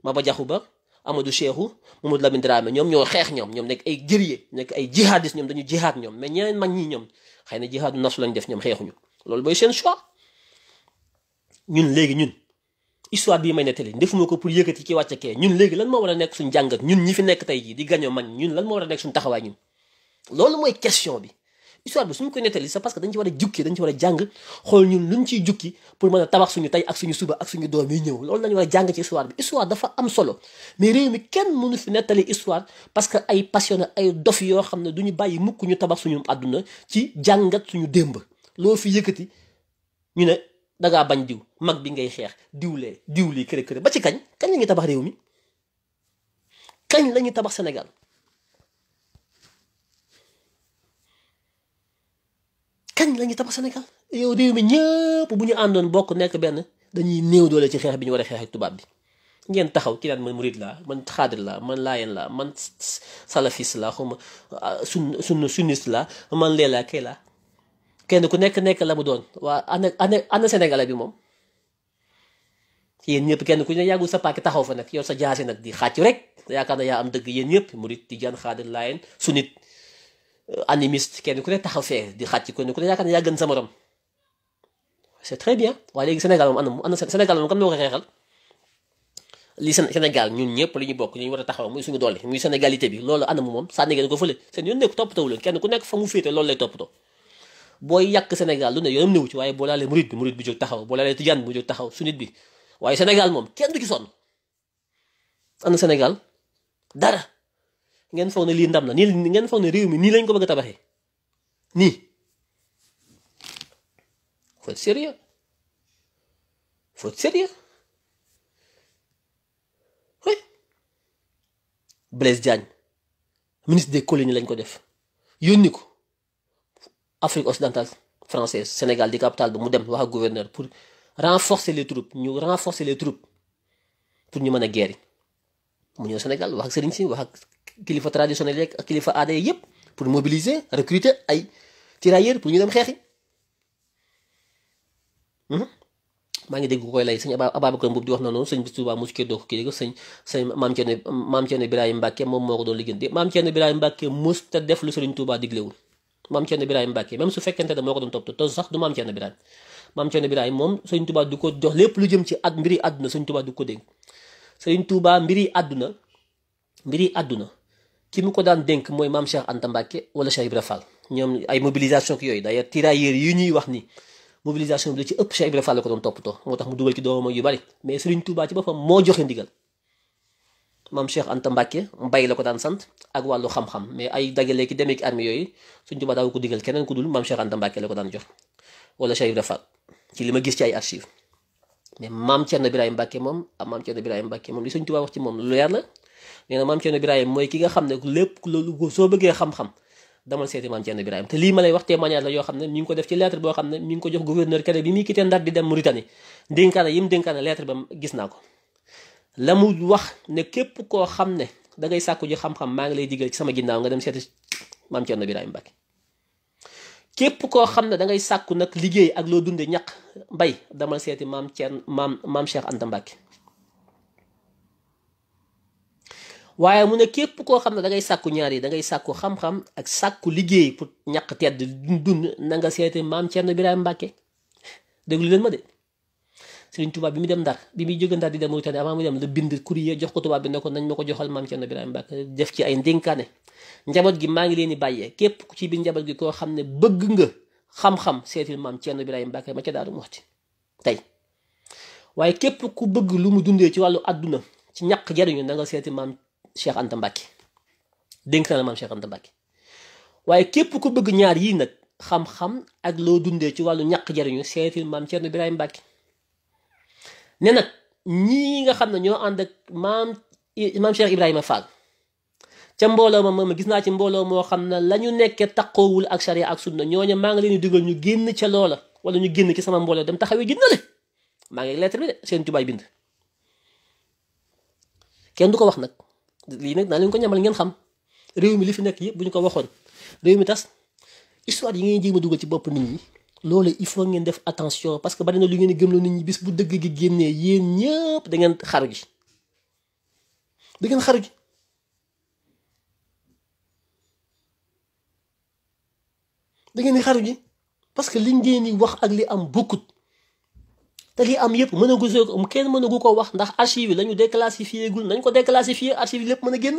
ma ba Jaxu Ba Amadou Cheikhou Mamadou Lamine Dramé ñoom ñoo xeex ñoom ñoom nekk ay guerrier nekk ay jihadistes ñoom dañu jihaad ñoom mais ñeneen mag ñi ñoom xëy na jihaadu nafsu lañ def ñoom xeexuñu loolu mooy seen choix ñun léegi ñun histoire bii may nettali defuma ko pour yëkkati ki wàcce kee ñun léegi lan moo war a nekk suñ jàngat ñun ñi fi nekk tey jii di gaño man ñun lan moo war a nekk suñ taxawaay ñun loolu mooy question bi histoire bi suñ koy nettali c'est parce que dañ war a jukki dañ ci a jàng xool ñun luñ ciy jukki pour mën a tabax suñu tey ak suñu suba ak suñu doom yi ñëw loolu lañu war a jàng ci histoire dafa am solo mais réew mi kenn mënu fi nettali histoire parce que ay passionné ay dof yoo xam ne duñu bàyyi mukk ñu tabax suñu àdduna ci jàngat suñu démb loo fi yëkkati ñu ne da ngaa bañ diw mag bi ngay xeex diwlee diwlii këré këré ba ci kañ kañ la ñuy tabax réew mi kañ la ñuy tabax Sénégal kañ la ñuy tabax Sénégal yow réew mi ñëpp bu ñu andon bok nek ben dañuy néew doole ci xex bi ñu wara xex ak tubab bi ngeen taxaw ki man mourid la man khadir la man layen la man salafis la xuma ah, sun sunn sunniste laa man leelaa kay la kenn ku nekk nekk la mu doon waa ana ana ana sénégalais bi moom yéen ñëpp kenn ku ne yàggul sa paak taxaw fa nag yor sa jaasi nag di xàcc rek yaakaar na yaa am dëgg yéen ñëpp murit tijaan xaadir laayeen sunit animiste kenn ku ne taxaw fee di xàcc ku ne yaakaar na yaa gën sa morom c'est très bien waaye léegi Sénégal moom ana ana Sénégal moom kam na ko xeexal li Sénégal ñun ñëpp li ñu bokk ñu war a taxaw muy suñu doole muy sénégalité bi loolu ana mu moom sànni ngeen ko fële seen yoon nekk toppatoo leen kenn ku nekk fa mu féete loolu lay toppatoo booy yàq Sénégal lu ne yoonam néew ci waaye boo laalee murid bi murid bi jóg taxaw boo laalee tijaan bi mu jóg taxaw sunit bi waaye Sénégal moom kenn du ci sonn ana Sénégal dara ngeen foog ne lii ndam na nii mi nii lañ ko bëgg a tabaxee nii faut être sérieux faut être sérieux oui Blaise Diagne ministre des colonies lañ ko def yónni ko Afrique occidentale française Sénégal di capital bi mu dem wax gouverneur pour renforcer les troupes ñu renforcer les troupes pour ñu mën a guerre mu ñëw Sénégal wax ak sëriñ si wax ak kilifa traditionnel yeeg ak kilifa aada yëpp pour mobiliser recruter ay tirailleurs pour ñu dem xeexi hmm? maa ngi dégg koy lay sëñ Ababacar mbub di wax noonu sëñ bis Tuubaa mosu cee dox kii ko sëñ sëñ maam Cerno maam Cerno Birahim Mbàkke moom moo ko doon liggéey maam Cerno Birahim Mbàkke mos def lu sëriñ Tuubaa diglewul maam Cerno Birahim Mbàkke même su fekkente ne moo ko doon topp te sax du maam Cerno Birahim moom Sëriñ Tuubaa du ko jox lépp lu jëm ci at mbiri àdduna Sëriñ Tuubaa du ko dénk Sëriñ Tuubaa mbiri àdduna mbiri àdduna ki mu ko daan dénk mooy maam Cheikh Anta Mbàkke wala Cheikh Ibra Fall ñoom ay mobilisation ki yooyu d'ailleurs tirailleurs yi ñuy wax ni mobilisation bi la ci ëpp Cheikh Ibra Fall la ko doon toppatoo moo tax mu dugal ci doomam yu bari mais Sëriñ Tuubaa ci boppam moo joxe ndigal maam Cheikh Anta Mbacke mbay la ko daan sant ak wàllu xam-xam mais ay dagale ki demee ki armée yooyu suñ keneen ku dul maam Cheikh Anta Mbacke la ko daan jox wala gis ci ay archive mais maam Thierno la na ah, maam Thierno mooy ki nga xam ne lépp loolu soo bëggee xam-xam damal seeti maam Thierno Birahim te lii ma lay wax témoignage la yoo xam ne mi ngi ko def ci lettre boo xam ne mi ko jox gouverneur kene bi muy quitté Ndar di dem Mauritanie dénkaane yi mu dénkaane lettre ba gis naa ko la mu wax ne képp koo xam ne da ngay sàkku ji xam-xam maa ngi lay digal ci sama ginnaaw nga dem seeti maam Cerno Birahim Mbacke képp koo xam ne da ngay sàkku nag liggéey ak loo dunde ñaq mbay damal seeti maam Cerno maam maam Cheikh Anta waaye mu ne képp koo xam ne da sàkku ñaar yi sàkku xam ak sàkku liggéey pour ñaq tedd dund na nga seeti maam Cerno Birahim Mbacke déglu leen ma de Serigne Touba bi mu dem Ndar bi muy jóge Ndar di dem Mauritanie avant mu dem la bind courrier jox ko tubaab bi ne nañ ma ko joxal maam Thierno Birahim Mbacké def ci ay ndénkaane njaboot gi maa ngi leen di bàyyee képp ku ci biir njaboot gi koo xam ne bëgg nga xam-xam seetil maam Thierno Birahim Mbacké ma ca Daaru Muxti tey waaye képp ku bëgg lu mu dundee ci wàllu àdduna ci ñàkk jariñu na nga seeti maam Cheikh Anta Mbacké dénk na la maam Cheikh waaye képp ku bëgg ñaar yii nag xam-xam ak loo dundee ci wàllu ñàkk jariñu seetil maam Thierno Birahim Mbacké ne nag ñii nga xam ne ñoo ànd ak maam maam Cheikh Ibrahima Fall ca mbooloo ma ma moom gis naa ci mbooloo moo xam ne lañu ñu nekkee taqoowul ak charia ak sunna ñooñu maa ngi leen di dugal ñu génn ca loola wala ñu génn ci sama mbooloo dem taxawee ginnale maa ngi lettre bi de seen tubaay bind. kenn du ko wax nag lii nag naa leen ko ñamal ngeen xam réew mi li fi nekk yëpp bu ñu ko waxoon réew mi tas histoire yi ngeen jéem a dugal ci bopp nit ñi. loolu il faut ngeen def attention parce que bari na lu ngeen lo nit ñi bis bu dëgg gi génnee yéen ñëpp da ngeen xar gi da ngeen xar gi da ngeen xar gi parce que li ngeen di wax ak li am bokkut te li am yépp mën a gusee ko kenn mën gu ko wax ndax archive yi la déclassifié gul nañ ko déclassifié archive yi lépp mën a génn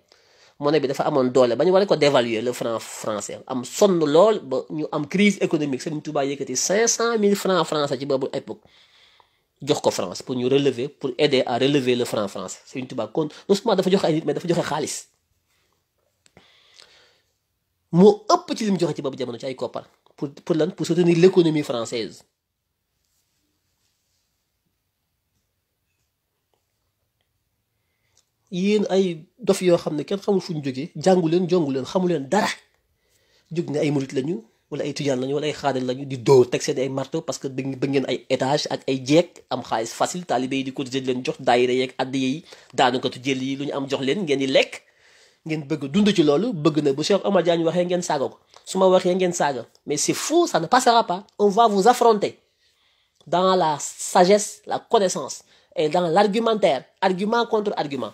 monnaie bi dafa amone doole ba ñu ko dévaluer le franc français am sonn lool ba ñu am crise économique Serigne Touba yëkkati cinq cent mille francs français ci boobu époque jox ko France pour ñu relever pour aider à relever le franc français Serigne Touba kon non seulement dafa jox ay nit mais dafa joxe xaalis mo ëpp ci lim joxe ci boobu jamono ci ay koppar pour pour lan pour soutenir l'économie française yeen ay dof yo xamne ne kenn xamul fuñu ñu jógee jàngu leen jongu leen xamu dara jóg ne ay murit lañu wala ay tijaan lañu wala ay xaadir lañu di dóor tek seen ay marteau parce que bëgg ngeen ay étage ak ay jeeg am xaliss facile taalibe yi di cotiser leen jox daayira yek addi yi daanukatu jël yi luñu am jox leen ngeen di lek ngeen bëgg dund ci loolu bëgg na bu Cheikh Omar Diagne waxe ngeen saaga suma waxe ngeen saaga mais c'est faux ça ne passera pas on va vous affronter dans la sagesse la connaissance et dans l'argumentaire argument contre argument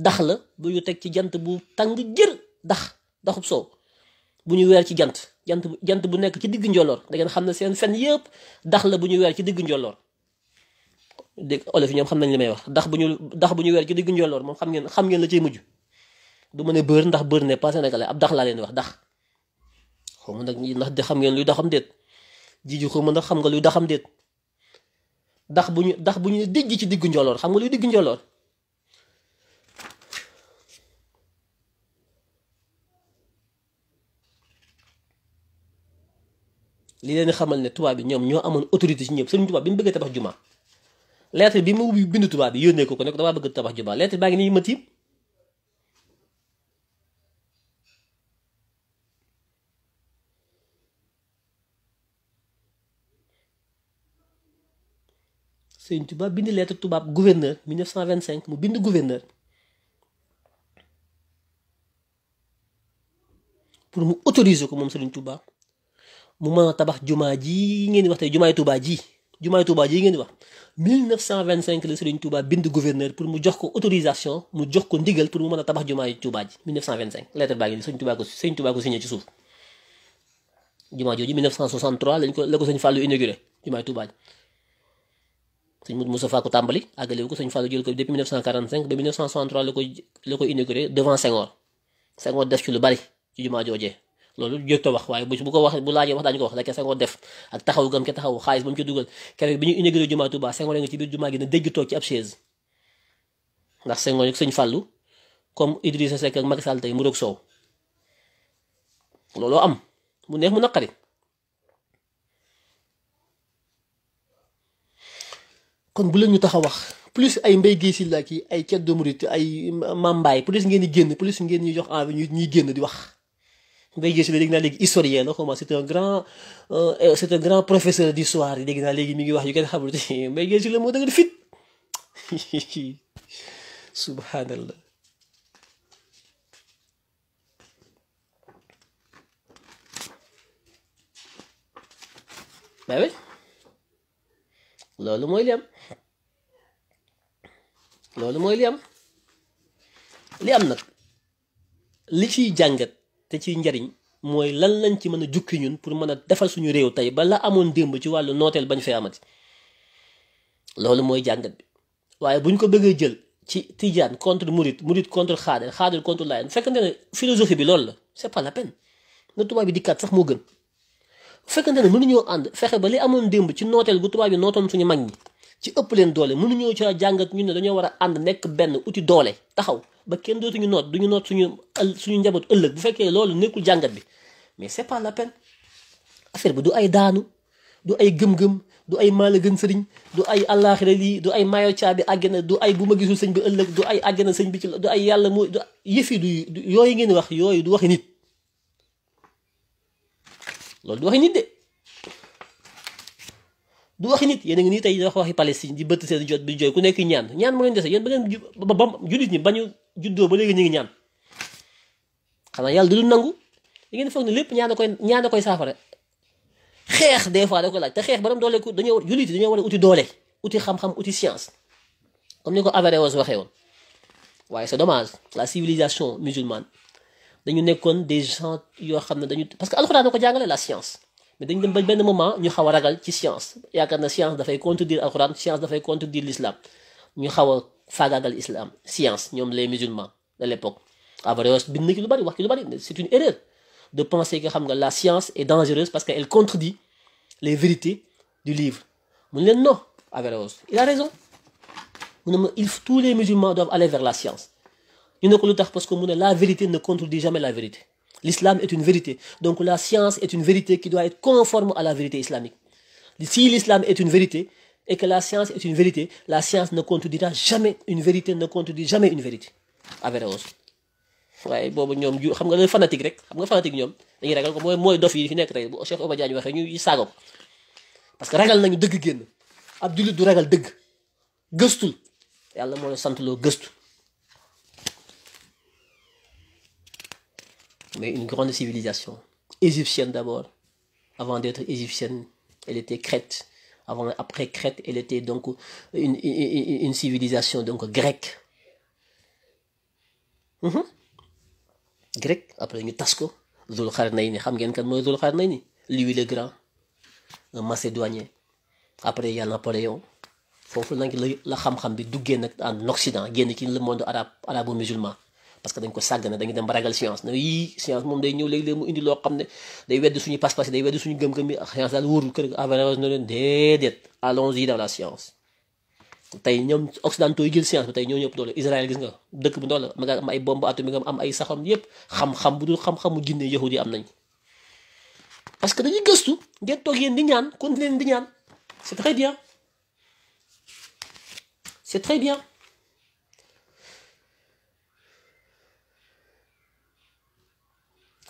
dax la bu ñu teg ci jant bu tàng jër dax daxub soow bu ñu weer ci jant jant jant bu nekk ci digg njolloor da ngeen xam ne seen fen yëpp dax la bu ñu ci digg njolloor dégg olof yi xam nañ li may wax dax bu ñu dax bu ñu weer ci digg njolloor moom xam ngeen xam ngeen la cay mujj du ma ne bër ndax bër ne pas ab dax laa leen wax dax xaw ma nag ndax de xam ngeen luy daxam déet jiji xaw ma xam nga luy daxam déet dax bu ñu dax bu ñu dijj ci diggu njolloor xam nga luy diggu njolloor li leen xamal ne tubaab bi ñoom ñoo amoon autorité ci ñëpp sëriñ tubaab bi mu bëggee tabax juma lettre bi mu bind tubaab bi yónnee ko ko ne ko damaa bëgg tabax juma lettre baa ngi nii ma tiim sëriñ tubaab bind lettre tubaab gouverneur 1925 mu bind gouverneur pour mu autoriser ko moom sëriñ tubaab mu mën tabax jumaa ji ngeen wax tey jumaay Touba ji jumaay Touba ji ngeen wax 1925 le Serigne Touba bind gouverneur pour mu jox ko autorisation mu jox ko ndigal pour mu mën tabax jumaay Touba ji 1925 lettre baa ngi Serigne Touba ko Serigne Touba ko signé ci souf jumaa jooju 1963 lañ ko la ko sëñ Fallou inaugurer jumaay Touba ji sëñ Moustapha ko tambali àggale ko Seigne Fallou jël ko depuis 1945 ba 1963 la ko la ko inauguré devant Senghor Senghor def ci lu bari ci jumaa joojee loolu jot a wax waaye bu ko wax bu laajee wax daañu ko wax la ke Senghor def ak taxaw gam ca taxaw xaalis ba mu ca dugal keroog bi ñu inauguré jumaa Tuubaa Senghor nga ci biir jumaa na dégg toog ci ndax Senghor Sëñ Fàllu comme Idrissa Seck ak Macky Sall tey mu roog am mu neex mu naqari kon bu leen ñu tax wax plus ay mbay gi si la kii ay ceddo murit ay mambaay plus ngeen di génn plus ngeen ñuy jox envie ñuy génn di wax day gis léegi naa léegi historien la comment c'est un grand euh, c'est un grand professeur d'histoire léegi naa léegi mi ngi wax yu kenn xamul te Mbaye Guèye moo dëgër fit subhanallah baa oui loolu mooy li am loolu mooy li am li am nag li ciy jàngat te ci njariñ mooy lan lañ ci mën a jukki ñun pour mën a defal suñu réew tey ba la amoon démb ci wàllu nooteel bañ fee amati loolu mooy jàngat bi waaye buñ ko bëggee jël ci tijaan contre murit murit contre xaadir xaadir contre laayeen fekkante na philosophie bi loolu la c'est pas la peine na tubaab bi dikkaat sax moo gën fekkante ne mënuñoo ànd fexe ba li amoon démb ci nooteel gu tubaab yi nootoon suñu mag ñi ci ëpp leen doole mënuñoo ci jàngat ñun ne dañoo war a ànd nekk benn uti doole taxaw ba kenn dootuñu noot du ñu noot suñu suñu njaboot ëllëg bu fekkee loolu nekkul jàngat bi mais c'est pas la peine affaire bi du ay daanu du ay gëm-gëm du ay maala gën sëriñ du ay àllaaxira lii du ay maayo caabi àggana du ay bu ma sëñ ëllëg ay àggana sëñ bi ci ay yàlla mooy yëf yi du yooyu ngeen wax yooyu du waxi nit loolu du waxi nit de du wax nit yéen a ngi nii tey wax waxi Palestine di beut seen jot bi joy ku nekk ñaan ñaan moo leen dese yéen ba ngeen ba ba jullit ñi ba ñu juddoo ba léegi ñu ngi ñaan xana yalla du du nangu da ngeen foog ne lépp ñaan a koy ñaan a koy saafara xex des fois da koy laaj te xex borom doole ku dañoo jullit yi dañoo war a uti doole uti xam-xam uti science comme ni ko Averroès waxee woon waaye c'est dommage la civilisation musulmane dañu nekkoon des gens yo xam dañu parce que alcorane na ko jangale la science mais dañ dem ba benn moment ñu xaw a ragal ci science yaakaar na science dafay contredire alxuraan science dafay contredire l'islam ñu xaw a faagaagal islam science ñoom les musulmans de l'époque avareos, lu bari wax lu bari c'est une erreur de penser que la science est dangereuse parce qu'elle contredit les vérités du livre non avareos, il a raison tous les musulmans doivent aller vers la science ñu ne ko lu parce que la vérité ne contredit jamais la vérité L'islam est une vérité. Donc la science est une vérité qui doit être conforme à la vérité islamique. Si l'islam est une vérité et que la science est une vérité, la science ne contredira jamais une vérité, ne contredit jamais une vérité. Avéré aussi. waaye boobu ju xam nga la fanatique rek xam nga fanatique ñom, dañuy ragal ko mooy mooy dof yi fi nek tay bu Cheikh Oba Diagne waxee ñuy saago parce que ragal nañu deug génn ab du ragal deug. gëstul Yalla moo la sant lo gëstu mais une grande civilisation. Égyptienne d'abord. Avant d'être égyptienne, elle était Crète. Avant, après Crète, elle était donc une, une, civilisation donc grecque. Mhm. Grec, après ñu Tasco, ko. Zulqarnayni xam ngeen lui le grand un macédonien après il y a Napoléon faut que la xam-xam bi en Occident génn ci le monde arabe arabo musulman parce que dañ ko sàggane dañu dem ba ragal science na yi science mom day ñew léeg-léeg mu indi lo xamne day weddi suñu pass pass day weddi suñu gëm-gëm yi ah, science daal wóorul kër avanage ah, na leen déedéet allons-y dans la science tay ñom occidentaux yi jël science bi tey ñoo ñëpp doole Israël gis nga dëkk bu doole ma am ay bombe atomique am ay saxam yépp xam-xam bu dul xam-xamu jinne yahudi am nañ parce que dañuy gëstu ngeen toog yéen di ñaan kon leen di ñaan c'est très bien c'est très bien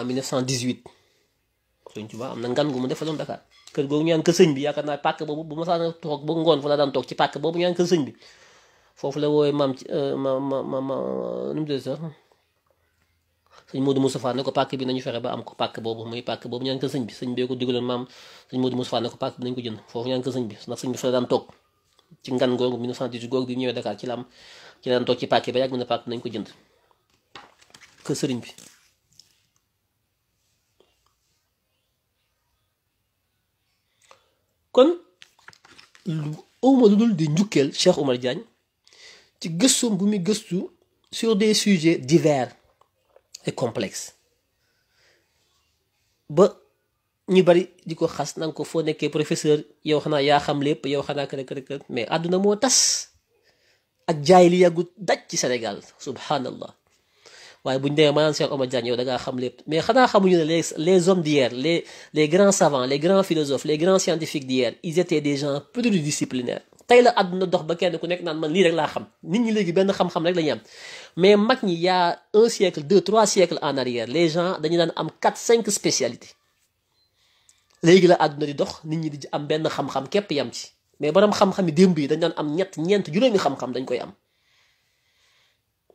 en 1918 sëñ Tuubaa am na ngan gu mu def fa doon Dakar kër googu ñu naan kër sëñ bi yaakaar naa pàkk boobu bu ma saa na toog ba ngoon fa la daan toog ci pàkk boobu ñu naan kër sëñ bi euh, mu tudd sax sëñ Modou Moustapha bi nañu fexe am ko pàkk boobu muy pàkk boobu ñu naan kër sëñ bi sëñ bee ko digaloon maam sëñ Modou Moustapha ne ko pàkk googu bi ñëwee Dakar ci la ci la daan toog ci pàkk ba yàgg mu ne pàkk bi nañ ko jënd kër bi kon lu awma lu dul di njukkeel Cheikh Omar Diagne ci gëstoom bu muy gëstu sur des sujets divers et complexes ba ñu bari di ko xas nanga ko fo nekkee professeur yow xana ya xam lepp yow xana kër kër mais aduna mo tass ak jaay li yàggu daj ci Sénégal subhanallah waaye bu ñu demee maanaam Cheikh Omar Diagne yow da ngaa xam lépp mais xanaa xamuñu ne les les hommes d'hier les les grands savants les grands philosophes les grands scientifiques d'hier ils étaient des gens pluridisciplinaires tey la àdduna dox ba kenn ku nekk naan man lii rek laa xam nit ñi léegi benn xam-xam rek la ñu am mais mag ñi y a un siècle deux trois siècles en arrière les gens dañu daan am quatre cinq spécialités léegi la àdduna di dox nit ñi di am benn xam-xam képp yam ci mais borom xam-xam yi démb yi dañ daan am ñett ñeent juróomi xam-xam dañ koy am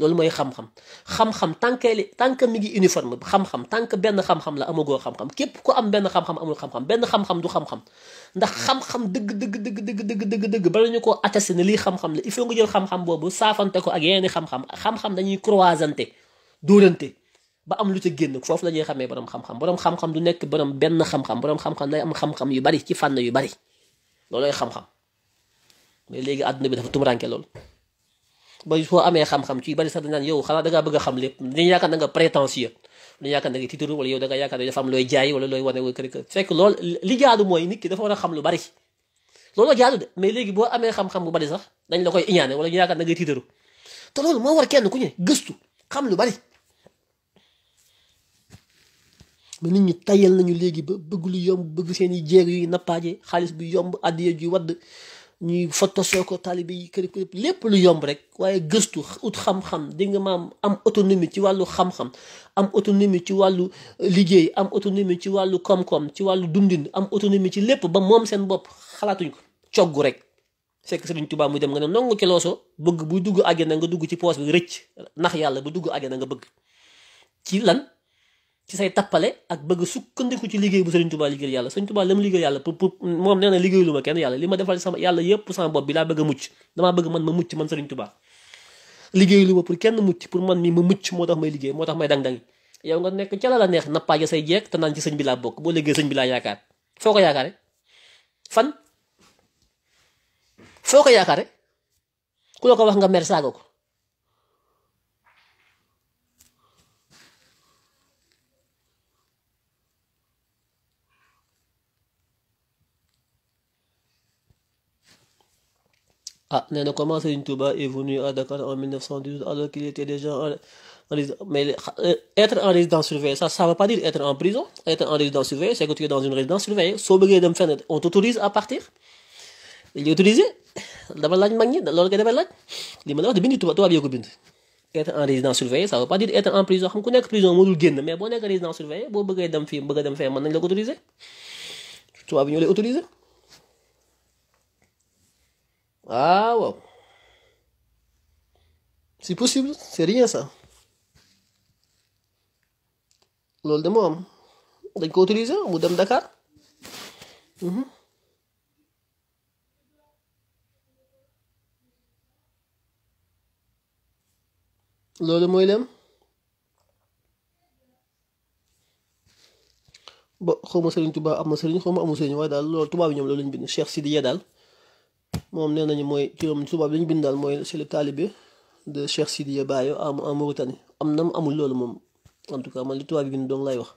lolou moy xam-xam xam-xam tant que tant mi ngi uniforme xam-xam tant ben xam-xam la amugo xam-xam kep ko am ben xam-xam amul xam-xam ben xam-xam du xam-xam ndax xam-xam deug deug deug deug deug deug deug ba lañu ko attesté ne li xam-xam la il faut nga jël xam-xam bobu safanté ko ak yeneen xam-xam xam-xam dañuy croisante dóorante ba am lu ci génn fofu lañuy xamé borom xam-xam borom xam-xam du nek borom ben xam-xam borom xam-xam lay am xam-xam yu bari ci fànn yu bari loolooy xam-xam mais légui aduna bi dafa tumranké lolou ba soo amee xam-xam ci bari sax dañ naan yow xanaa da ngaa bëgg xam lépp dañu yaakaar da nga prétentieux dañu yaakaar da nga tiitaru wala yow looy jaay wala looy wane wala kër kër fekk loolu li jaadu mooy ki dafa war a xam lu bari looloo mais léegi boo amee xam-xam bu bari sax dañ la koy iñaane wala ñu yaakaar da nga tiitaru te loolu moo war kenn ku ñu gëstu xam lu bari nañu léegi ba bëgg lu yomb bëgg seen i jéeg yuy nappaaje xaalis bu yomb addiya ju wadd ñuy fottosoo ko taalibe yi kër kër lépp lu yomb rek waaye gëstu ut xam-xam di nga maam am autonomie ci wàllu xam-xam am autonomie ci wàllu euh, liggéey am autonomie ci wàllu koom ci wàllu dundin am autonomie ci lépp ba moom seen bopp xalaatuñ ko coggu rek sekk fekk Sëriñ Tuubaa muy dem nga ne nongu ci looso bëgg buy dugg àjjana nga dugg ci poos bi rëcc ndax yàlla bu dugg àjjana nga bëgg ci lan ci say tappale ak bëgg sukkandiku ci liggéey bu Sëriñ Tuubaa liggéey yàlla Sëriñ Tuubaa la mu liggéey yàlla pour pour moom nee na liggéey lu ma kenn yàlla li ma defal sama yàlla yëpp sama bopp bi laa bëgg a mucc damaa bëgg man ma mucc pour man mi ma mucc moo tax may liggéey moo tax may dang-dangi yow nga nekk ca la la neex nappaaja say jeeg te naan ci sëñ bi laa bokk boo liggéey sëñ bi laa yaakaar foo ko yaakaare fan foo ko yaakaare ku la ko wax nga mer saago ko Ah, on na commencé une Touba est venu à Dakar en 1912 alors qu'il était déjà en, en mais euh, être en résidence surveillée ça ça veut pas dire être en prison être en résidence surveillée c'est que tu es dans une résidence surveillée soo de dem fenêtre, on t'autorise à partir Il est autorisé dama laaj mag manière kay dama laaj Il ma wax de bind tubaab ko être en résidence surveillée ça ne veut pas dire être en prison xam ku nekk prison moo dul mais boo nekk résidence surveillée tu es dem fii bëgg dem fee mën nañ la ko autorisé Tu yi ñoo autorisé. Ah, waaw c'est possible c'est rien loolu de moo am dañ ko utiliser mu dem Dakar loolu mooy lem ba xaw ma sëriñ Tuubaa am na sëriñ xaw ma amul sëriñ waaye daal loolu tubaab yi ñoom loolu lañ bind Cheikh Sidiya daal moom nee nañu mooy turam tubaab li ñu bind mooy c'est le talibé de Cheikh Sidiya Bayo en Mauritanie am na mu amul loolu moom en tout cas man li tubaab yi bind doon lay wax.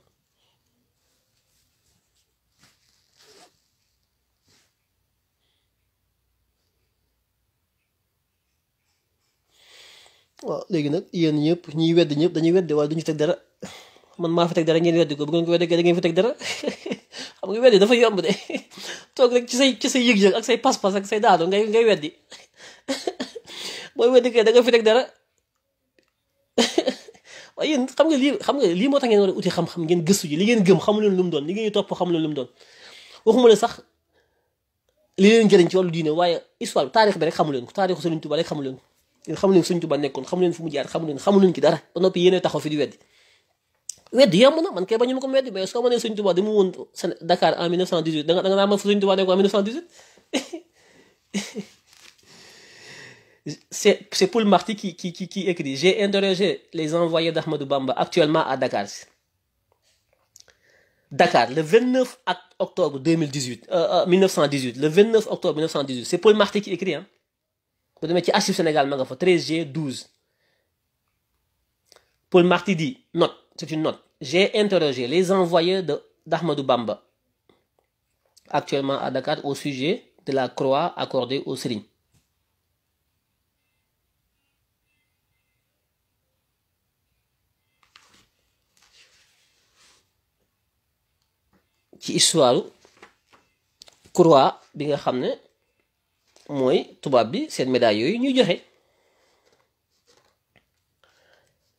waaw léegi nag yéen ñëpp ñiy weddi ñëpp dañuy weddi waaye duñu teg dara man maa fi teg dara ngeen weddi ko bu ngeen ko weddee da ngeen fi teg dara. (laughs) xam nga weddi dafa yomb de (laughs) toog rek ci say ci say yëg-yëg ak say pas-pas ak say daanu ngay ngay weddi (laughs) booy weddi kay da nga fi teg dara (laughs) waaye yéen xam nga lii a uti xam-xam ngeen li ngeen gëm xamu leen mu doon li ngeen topp xamu leen lu mu sax li leen jëriñ ci wàllu diine waaye histoire taarix bi rek xamu ko taarixu Sëriñ Tuba rek xamu ko yéen xamu fu mu jaar xamu leen xamu leen ci dara ba noppi yéen a taxaw fi di weddi weddi man kay ko meddi mais mané won Dakar en 1918 da nga ma en 1918 c'est c'est Paul Marty qui qui qui écrit j'ai interrogé les envoyés d'Ahmadou Bamba actuellement à Dakar Dakar le 29 octobre 2018 euh, 1918 euh, le 29 octobre 1918 c'est Paul Marty qui écrit hein vous devez ci Archives Sénégal nga fa 13G 12 Paul Marty dit note c'est une note j'ai interrogé les envoyés d'Ahmadou Bamba, actuellement à Dakar, au sujet de la croix accordée au Sérigne. Qui histoire croix bi nga xam ne bi médaille nous avons joxe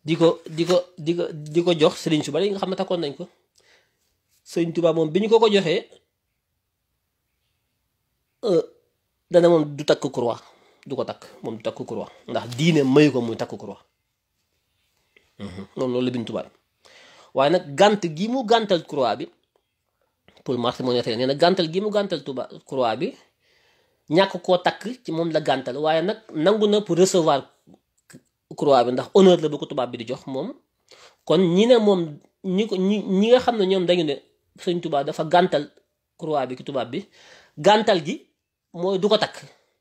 di ko di ko di ko di ko jox sëriñ su bari nga xam ne takkoon nañ ko sëriñ Tuubaa moom bi ñu ko ko joxee euh, dana moom du takk croix du ko takk moom du takk croix ndax diine mayu ko muy takk croix mhm, moom loolu la bind waaye nag gànt gi mu gàntal croix bi Paul Marty moo nettali nee na gàntal gi mu gàntal Tuubaa croix bi ñàkk koo takk ci moom la gàntal waaye nag nangu na pour recevoir croix bi ndax honneur la bu ko tubaab bi di jox moom kon ñi ne moom ñi ko ñi nga xam ne ñoom dañu ne sëñ tubaab dafa gantal croix bi ki tubaab bi gantal gi mooy du ko takk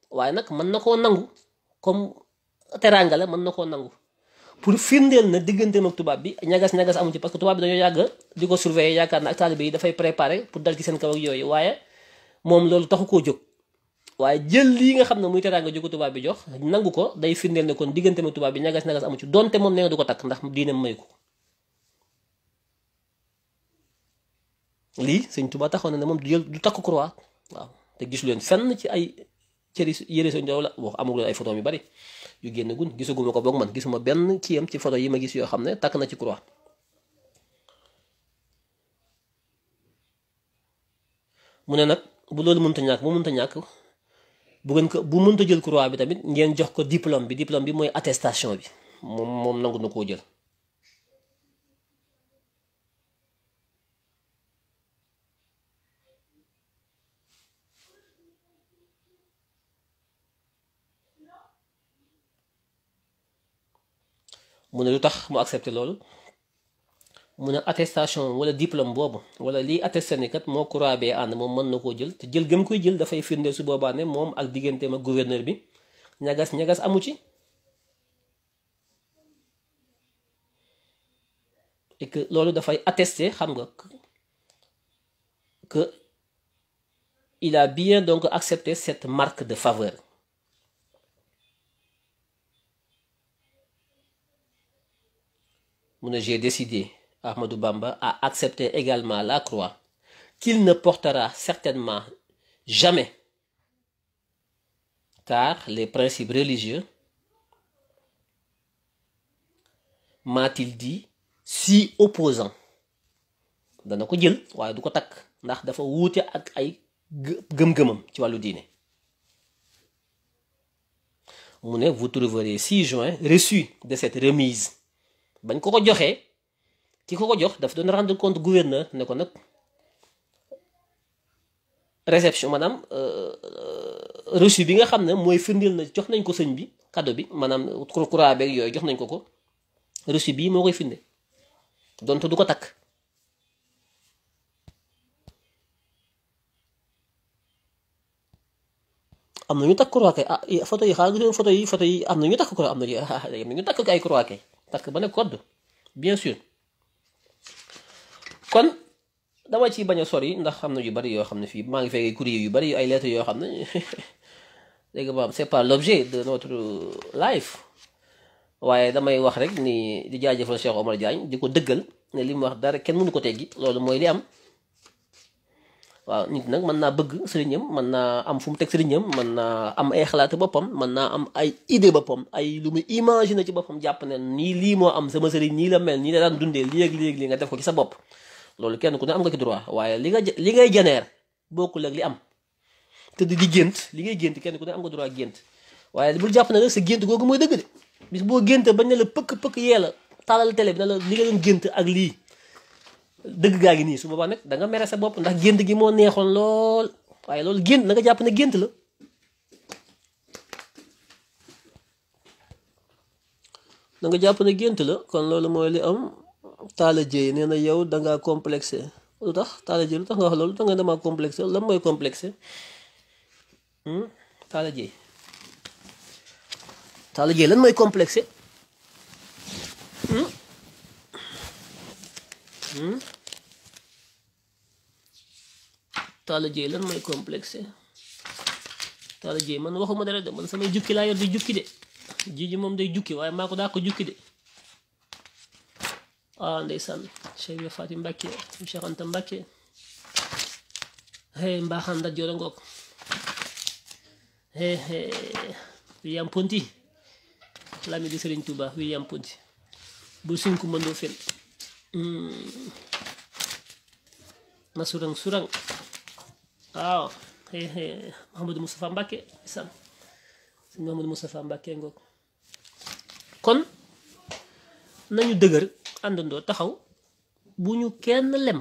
waaye nag mën nangu comme teranga la mën na nangu pour firndeel na digganteem ak tubaab bi ñagas-ñagas amu ci parce que tubaab bi dañoo yàgg di ko surveiller yaakaar na ak taalibe yi dafay préparer pour dal ci seen kaw ak yooyu waaye moom loolu taxu koo jóg waaye jël lii nga xam ne muy teraanga ju ko tubaab bi jox nangu ko day firndeel ne kon diggante ma tubaab bi ñagas ñagas amu ci donte moom nee na du ko takk ndax diineem may ko lii sëñ Tuubaa taxaw na ne moom du jël du takk croix waaw te gisu leen fenn ci ay cëri yëre sëñ Tuubaa la wax amul ay photo yu bari yu génn gun gisaguma ko boog man gisuma benn kiyam ci photo yi ma gis yoo xam ne takk na ci croix mu ne nag bu loolu mënta ñàkk bu mënta ñàkk bu ngeen ko bu mënta jël croix bi tamit ngeen jox ko diplôme bi diplôme bi moy attestation bi mom mom nangou nako jël mu ne lu tax mu accepté loolu mon attestation wala diplôme boobu wala li attesté ni kat moo Kura bee ànd moom mën na koo jël te jël gëm koy jël dafay firnde su mon ne moom ak digganteem gouverneur bi ñagas ñagas amu ci. et que loolu dafay attesté xam nga que il a bien donc accepté cette marque de faveur. mu j'ai décidé. Ahmadou Bamba a accepté également la croix qu'il ne portera certainement jamais, car les principes religieux, m'a-t-il dit, si opposants. dana ko du ko tak ndax dafa wouté ak ay gëm-gëmam ci walu vous trouverez 6 juin reçu de cette remise bagn ko ko ki ko ko jox daf doon rendre compte gouverneur ne ko nag réception maanaam euh, reçu bi nga xam ne mooy firndeel na jox nañ ko sëñ bi cadeau bi maanaam kurkuraa beeg yooyu jox nañ ko ko reçu bii moo koy firnde donte du ko takk am na ñu takk croix kay ah photo yi yi photo yi am na ñu takk ko (laughs) am na ñu takk ay croix kay takk ba ne code bien sûr kon dama ci bañ a sori ndax xam na yu bari yoo xam ne fii maa ngi fekkee courrier yu bari ay lettres yoo xam ne léegi (laughs) nga c'est pas l'objet de waaye damay wax rek ni di jaajëfal Cheikh Omar Diagne di ko dëggal li mu wax dara kenn mënu ko teggi loolu mooy am waaw nit nag mën naa bëgg sëriñam mën naa am fu mu teg sëriñam mën naa am ay xalaatu boppam mën naa am ay idée boppam ay lu mu imaginer ci boppam jàpp ne nii lii moo am sama sëriñ nii la mel nii la daan dundee léeg-léeg li nga def ko ci sa bopp loolu kenn ku ne am nga ci droit waaye li nga li ngay jeneer bokkul ak li am te di gént li ngay gént kenn ku ne am nga droit gént waaye bul jàpp ne rek sa gént googu mooy dëgg de boo gént bañ ne la pëkk pëkk yee la taalal télé bi ne la li nga doon gént ak lii dëgg gaa ngi nii su boobaa nag da nga sa bopp ndax gént gi moo neexoon lool waaye loolu gént na nga jàpp ne gént la. na nga jàpp ne gént la kon loolu mooy li am. Talla Dieye nee na yow da ngaa complexé lu tax Talla lu tax nga wax loolu lu tax nga damaa complexé lan mooy complexé hmm? Talla Dieye Talla Dieye lan mooy complexé hmm? hmm? Talla lan mooy complexé Talla Dieye man waxuma dara de man samay jukki laa yor di jukki de jii moom day jukki waaye maa ko daa ko jukki de ah ndeysaan Cheikh Ibra Faty Mbacke Cheikh Anta a ngoog hey hey William Ponty lami di Serigne Touba William Ponty bu sunku mëndoo hmm. fen ma surang surang waaw ah, hey hey Mouhamadou Moustapha Mbacke ndeysaan Mouhamadou Moustapha Mbacke ngoog kon nañu dëgër àndandoo taxaw bu ñu kenn lem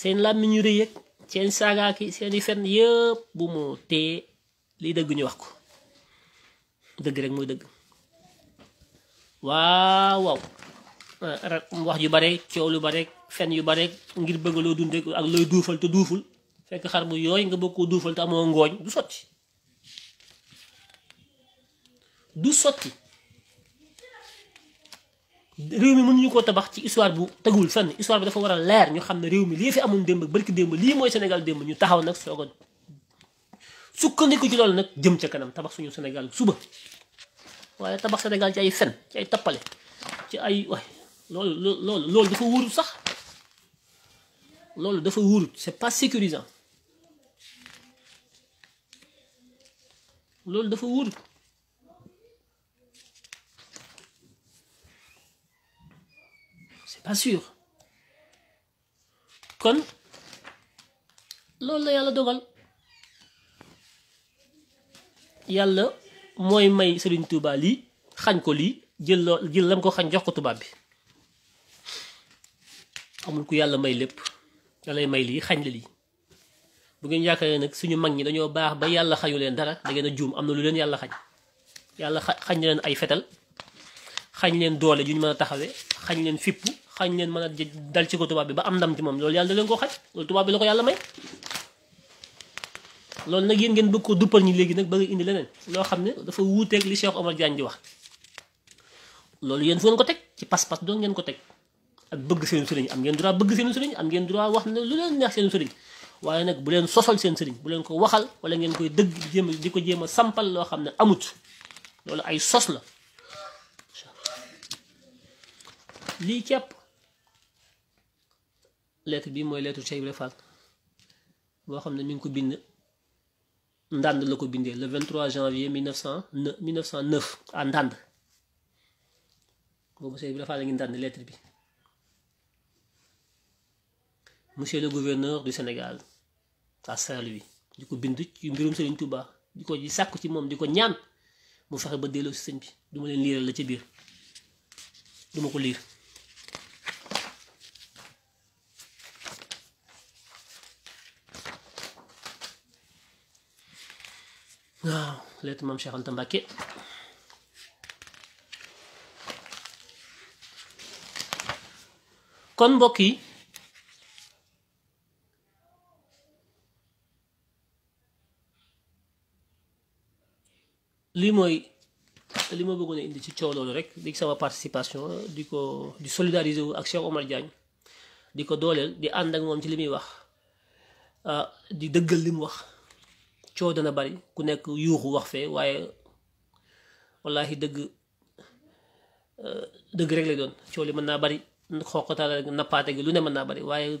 seen làmmiñ ñu rëy ak seen saagaaki seeni fen yëpp bu mu tee li dëgg ñu wax ko dëgg rek mooy dëgg waaw waaw ah, wax yu bare coow lu bare fen yu bare ngir bëgg loo dundee ak looy duufal te duuful fekk xar bu yooy nga bëgg koo duufal te amoo ngooñ du sotti du sotti réew mi mënuñu koo tabax ci histoire bu tegul fenn histoire bi dafa war a leer ñu xam ne réew mi lii fi amul démb barki démb lii mooy Sénégal démb ñu taxaw nag soog a sukkandiku ci loolu nag jëm ca kanam tabax suñu Sénégal suba waaye tabax Sénégal ci ay fen ci ay tappale ci ay loolu loolu dafa wóorut sax loolu dafa wóorut c'est pas sécurisant loolu dafa wóorut pas kon loolu la yàlla dogal yàlla mooy may Serigne Touba lii xañ ko lii jël loo lam ko xañ jox ko tubaab bi amul ku yàlla may lépp da lay may lii xañ la lii bu ngeen yaakaaree nag suñu mag ñi dañoo baax ba yàlla xañu leen dara da ngeen a juum am na lu leen yàlla xañ yàlla xañ leen ay fetal xañ leen doole juñ mën a taxawee xañ leen fippu xañ leen mëna dal ci ko tuba bi ba am ndam ci mom lool yalla da leen ko xaj lool tuba bi lako ko may lool nak yeen ngeen bëgg ko duppal ñi léegi nag bëgg indi leneen lo xamne dafa wuté ak li Cheikh Omar Diagne di wax lool yeen fu ko tek ci pass pass do ngeen ko tek ak bëgg seen sëriñ am ngeen droit bëgg seen sëriñ am ngeen droit wax na lu leen neex seen sëriñ waye nak bu leen sosal seen sëriñ bu leen ko waxal wala ngeen koy dëgg jëm diko jëma sampal lo xamne amut lool ay sos la li kep lettre bi moy lettre Cheikh Ibra Fall boo xam mi ngi ko bind ndand la ko bindee le 23 janvier 1909 à ndànd boobu Cheikh Ibra Fall la ngi ndand lettre bi monsieur le gouverneur du Sénégal à saint lui di ko bind ci mbirum Serigne Touba di ko ji sakku ci mom di ko ñaan mu fexe ba delloo ci serigne bi duma len lire la ci biir duma ko lire. waaw lettre maam Cheikh tambaki Mbacke kon mbokk yi lii mooy li ma bëggoon indi ci rek di sama participation di ko di solidariser wu ak Cheikh Omar Diagne di ko dooleel di ànd ak cili ci ah, di degil li wax coow dana bari ku nekk yuuxu wax fee waaye wallaahi dëgg euh, dëgg rek lay doon coow li mën naa bari xooqataal rek nappaate gi lu ne mën naa bari waaye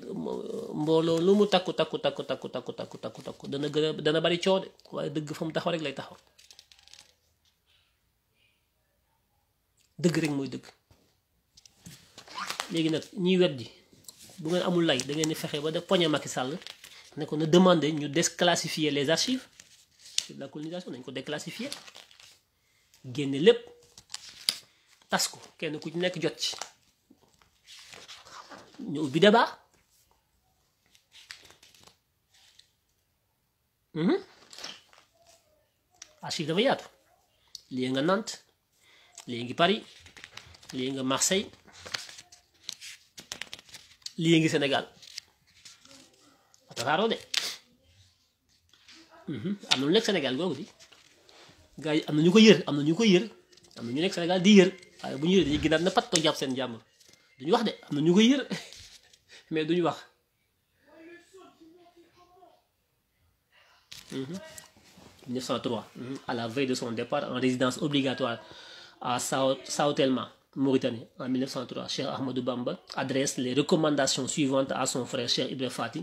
mbooloo lu mu takku takku takku takku takku takku takku takku dana gën a dana bari coow de waaye dëgg fa mu taxaw rek lay taxaw dëgg rek mooy dëgg léegi nag wet weddi bu ngeen amul lay da ngeen di fexe ba def poñe Macky Sall On avons demandé de déclassifier les archives de la colonisation Nous ko déclassifier Nous avons tas ko nous ku Nous mhm. Nantes Paris Marseille Sénégal 1903, mhm. (laughs) mhm. mhm. à la veille de son départ en résidence obligatoire à Sao, Telma, Mauritanie, en 1903, Cheikh Ahmadou Bamba adresse les recommandations suivantes à son frère Cheikh Ibrahim Fatih.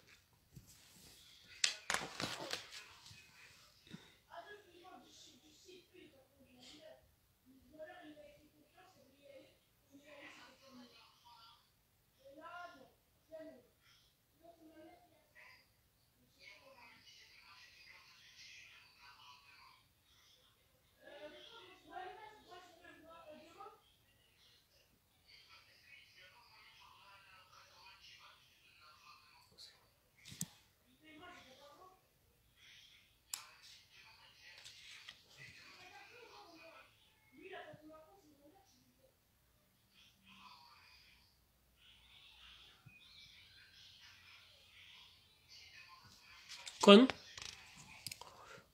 kon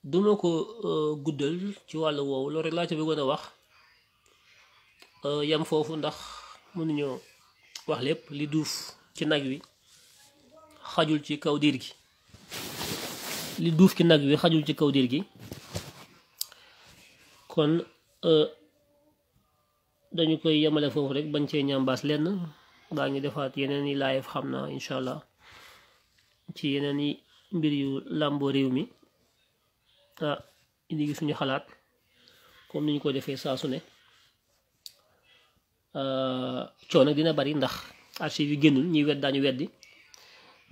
duma ko euh, guddal ci wàllu woowu loolu rek laa ci bëggoon a wax euh, yam foofu ndax mënuñoo wax lépp li duuf ci nag wi xajul ci kaw diir gi li duuf ci nag wi xajul ci kaw diir gi kon euh, dañu koy yemale foofu rek bañ cee ñambaas lenn daa ngi defaat yeneen yi live xam na incha allah ci yeneen yi mbir yu lambo rew mi ta indi gi suñu xalaat comme niñ ñu ko defee saa su ne euh, coono dina bari ndax archive yu gennul ñi wedd dañu weddi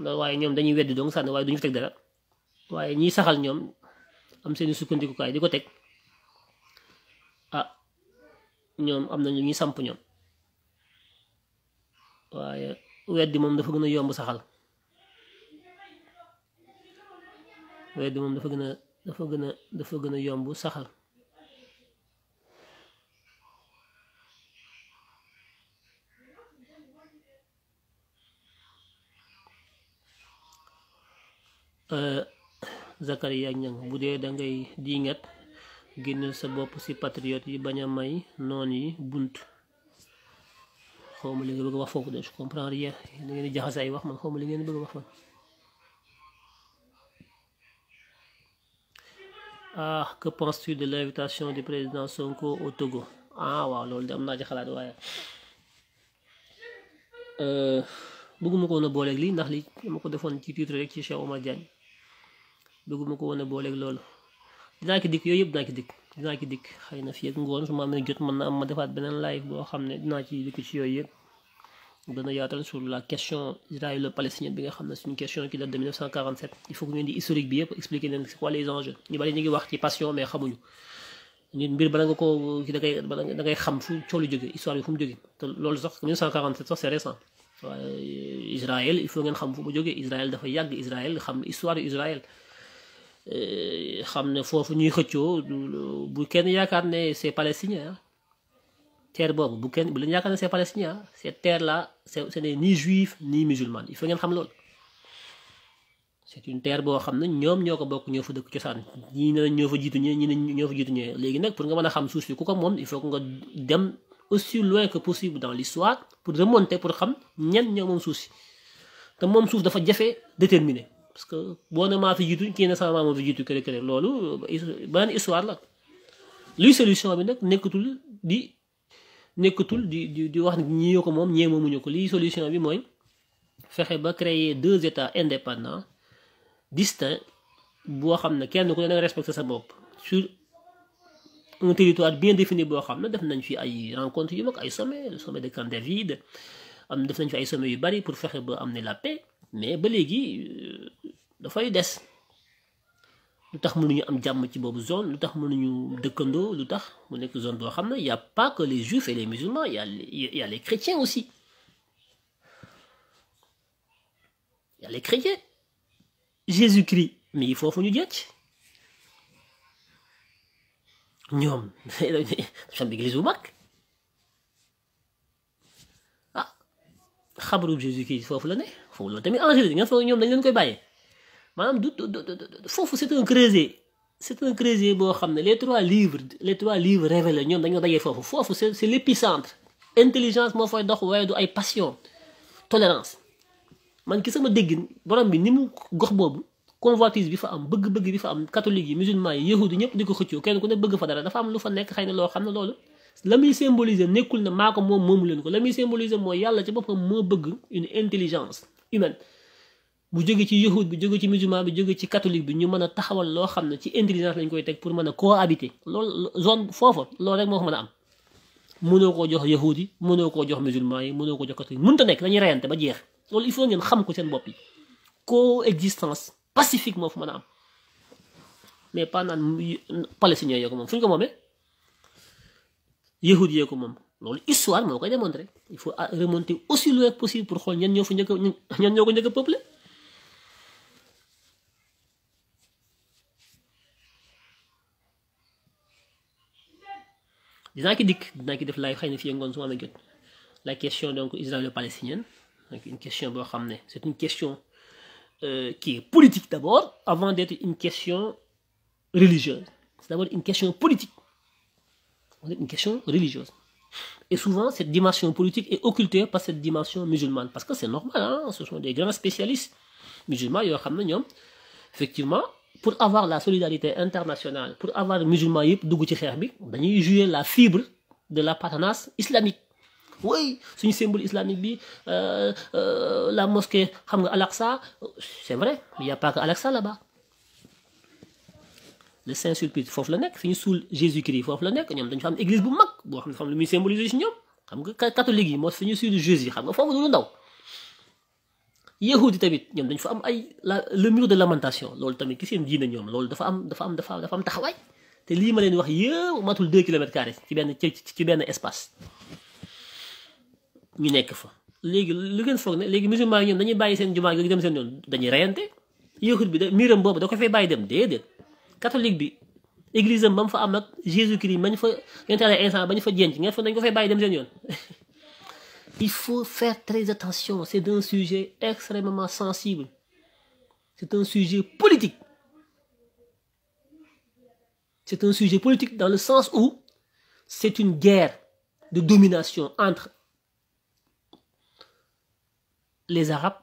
loolu way ñom dañuy weddi donc sa way duñu tek dara way ñi saxal ñom am seen sukkandiku kay diko tek, ah am ñu samp ñoom waaye weddi mom dafa gëna yomb saxal weddi moom dafa gën a dafa gën a dafa gën a yomb saxal euh, Zakariya ak ñang bu dee da ngay diingat génneel sa bopp si patriote yi bañ a may noon yi bunt xawma li nga bëgg a wax foofu de je comprends rien da ngeen di jaxase ay wax man xawma li ngeen bëgg a wax man ah que penses-tu de l'invitation du président Sonko au Togo ah waaw loolu de am naa ci xalaat waaye euh, bëgguma ko woon a booleeg lii ndax li ma ko defoon ci titre rek ci Cheikh Omar Diagne bëgguma ko woon a booleeg loolu dinaa ki dikk yooyu yëpp dinaa ki dikk dinaa xëy na fi yëg ngoon su ma amee jot mën na am ma defaat beneen live boo xam ne dinaa ci dikk ci yooyu yëpp dana yaatal sur la question israélo-palestinienne bi nga xam ne question qui date de 1947 il faut que ñu indi historique bi yëpp expliquer leen c'est quoi les enjeux ñu bari ñu ngi wax ci passion mais xamuñu ni mbir ba nga ko da ngay da ngay xam fu ciolu jóge histoire bi fu mu jóge te lolu sax 1947 sax c'est récent waaye Israël il faut ngeen xam fu mu jóge Israël dafa yag Israël xam histoire Israël euh, xam ne fofu ñuy xëccoo bu kenn yaakaar ne c'est palestinien hein terre boobu bu ken bu la yaakaar ne c'est palestinien cette terre là ce n'est ni juif ni musulman il faut ngeen xam lool c'est une terre bo xamna ñom ñoko bok ñofu bokk ci saan dëkk cosaan ñii ne ñoo fa jiitu ñee ñi ne ñoo fa jiitu ñee léegi pour nga mëna xam source ku ko mom il faut nga dem aussi loin que possible dans l'histoire pour remonter pour xam ñen ñoo mom source te mom source dafa jafé déterminer parce que bo na ma fi jiitu ki na sama maa moo fi jiitu kër kër loolu beneen histoire la luy solution bi nak nekkatul di nekkatul di di di wax ñii ko mom ñeemo muñu ko li solution bi mooy fexé ba créer deux états indépendants distincts bo xamna kenn ku ne da nga respecté sa bop sur un territoire bien défini bo xamna ne def nañ fi ay rencontres yu mag ay sommets le sommet de Camp David am def nañ fi ay sommets yu bari pour fexé ba am la paix mais ba euh, da fay dess lu tax mënuñu am jamm ci bobu zone lu tax mënuñu dëkkandoo lu mu nekk zone bo xamna y' a pas que les juifs et les musulmans y' a y' a les chrétiens aussi y' a les chrétiens Jésus-Christ mi il faut ñu jëc ñom sam église bu mak ah xabru Jésus-Christ fofu la né fofu la tamit angélique nga foog ñoom dañ leen koy bayé maanaam du fofu c'est un creuset c'est un creuset bo xamné les trois livres les trois livres révélés ñom dañu dajee fofu fofu c'est c'est l'épicentre intelligence mo fay dox way du ay passion tolérance man ki sama déggin borom bi nimu gox bobu convoitise bi fa am bëgg-bëgg bi fa am catholique yi musulman yi yahudi ñëpp di ko xëccoo kenn ku ne bëgg fa dara dafa am lu fa nekk xëy lo xamné lolu lamuy symboliser nekkul na mako mom moom leen ko lamuy symboliser moy yalla ci boppam mo bëgg une intelligence humaine bu jógee ci yahud bi jóge ci musulman bi jóge ci catholique bi ñu mën a taxawal loo xam ne ci intelligence lañ koy teg pour mën a cohabiter loolu zone foofa loolu rek moo ko mën a am mënoo koo jox yahud yi mënoo koo jox musulman yi mënoo ko jox catholique nekk dañuy reyante ba jeex loolu il faut ngeen xam ko seen bopp yi coexistence moo fa mën a am mais pas naan palestinien yoo moom fu ñu ko moomee yahud yee moom loolu histoire moo koy démontrer il faut remonter aussi loin possible pour xool ñan ñoo fa ñan ñoo ko njëkk a peuplé la question donc israélo-palestinienne une question c'est une question euh, qui est politique d'abord avant d'être une question religieuse c'est d'abord une question politique une question religieuse et souvent cette dimension politique est occultée par cette dimension musulmane parce que c'est normal hein, ce sont des grands spécialistes musulmans effectivement pour avoir la solidarité internationale pour avoir les musulmans, dugg ci bi jouer la fibre de la l'appartenance islamique oui c'est un symbole islamique euh, euh, la mosquée Al-Aqsa c'est vrai mais il n'y a pas que aqsa là-bas le Saint-Sulpice foofu la nekk c'est Jésus-Christ il la nekk a dañu am église bu mag boo xam ne xam lu muy jésus si xam catholique yi moo une ñu Jésus xam nga a du yahudi tamit ñoom dañ fa am ay la le mur de lamentation loolu tamit ki seen diine ñoom loolu dafa am dafa am dafa am taxawaay te lii ma leen wax yëpp matul deux kilomètres carrés ci benn ci benn espace ñu nekk fa. léegi lu ngeen foog ne léegi musulman ñoom dañuy bàyyi seen jumaa gi dem seen yoon dañuy reyante yahud bi de miiram boobu da ko fay bàyyi dem déedéet catholique bi église am ba mu fa am ak Jésus Christ mañ fa yonent Yàlla instant bañ fa jenc ngeen foog dañ ko fay bàyyi dem (laughs) Il faut faire très attention. C'est un sujet extrêmement sensible. C'est un sujet politique. C'est un sujet politique dans le sens où c'est une guerre de domination entre les Arabes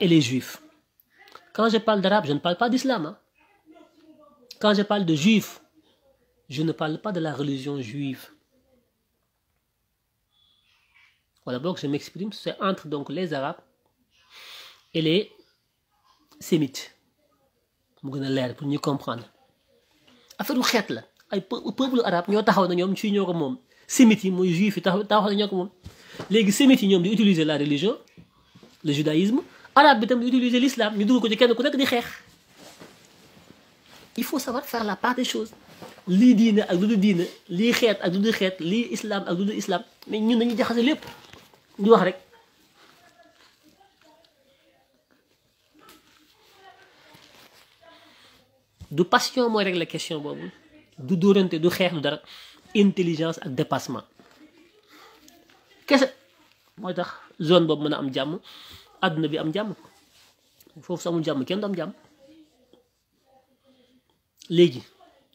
et les Juifs. Quand je parle d'Arabes, je ne parle pas d'islam. Hein. Quand je parle de Juifs, je ne parle pas de la religion juive. Voilà, donc je m'exprime, c'est entre donc les Arabes et les Sémites. mu gën l'air leer pour mieux comprendre affaire xeet la ay peuple arabe ñoo taxaw na ñom ci ñoko mom. moom sémites yi moy juifs taxaw taxaw na ñoko mom. Légui sémites yi di utiliser la religion le judaïsme arabe bi tam di utiliser l'islam ñu dugg ko ci kenn ku nekk di xeex il faut savoir faire la part des choses Li diine ak lu du diine li xeet ak lu du xeet li islam ak lu du islam mais ñun dañuy jaxase lépp di wax rek du passion mooy régler question boobu du dóorante du xeex du dara intelligence ak dépassement kese mooy tax zone boobu mën a am jàmm àdduna bi am jàmm foofu su amul jàmm kenn du am jàmm léegi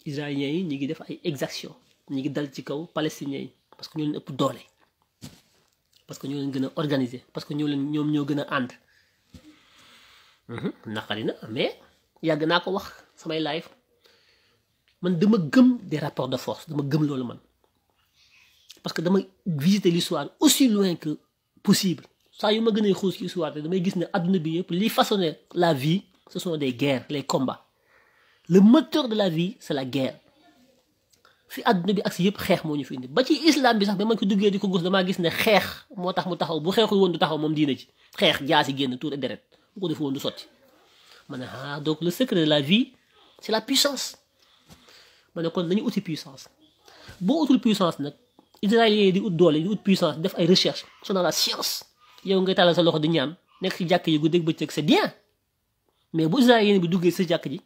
israéliens yi ñu ngi def ay exactions ñu ngi dal ci kaw palestiniens yi parce que ñu leen ëpp doole parce que ñoo leen gën a organisé parce que ñoo leen ñoom ñoo gën a ànd. Mhm. naqari na mais yàgg naa ko wax samay live man dama gëm des rapports de force dama gëm loolu man parce que dama visiter l'histoire aussi loin que possible saa yu ma gën a xuus ci histoire damay gis ne adduna bi yëpp li façonné la vie ce sont des guerres les combats le moteur de la vie c'est la guerre fi àdduna bi ak si yëpp xeex moo ñu fi indi ba ci islam bi sax ba man ko duggee di ko gos damaa gis ne xeex moo tax mu taxaw bu xeexul woon du taxaw moom diina ci xeex jaasi génn tuur et deret bu ko def woon du sotti ma ne ah donc le secret de la vie c'est la puissance ma ne kon nañu uti puissance boo utul puissance nag israélien yi di ut doole di ut puissance def ay recherche sur la science yow ngay tàllal sa loxo di ñaan nekk ci jàkk yi gu dégg bëccëg c'est bien mais bu israélien bi duggee sa jàkk ji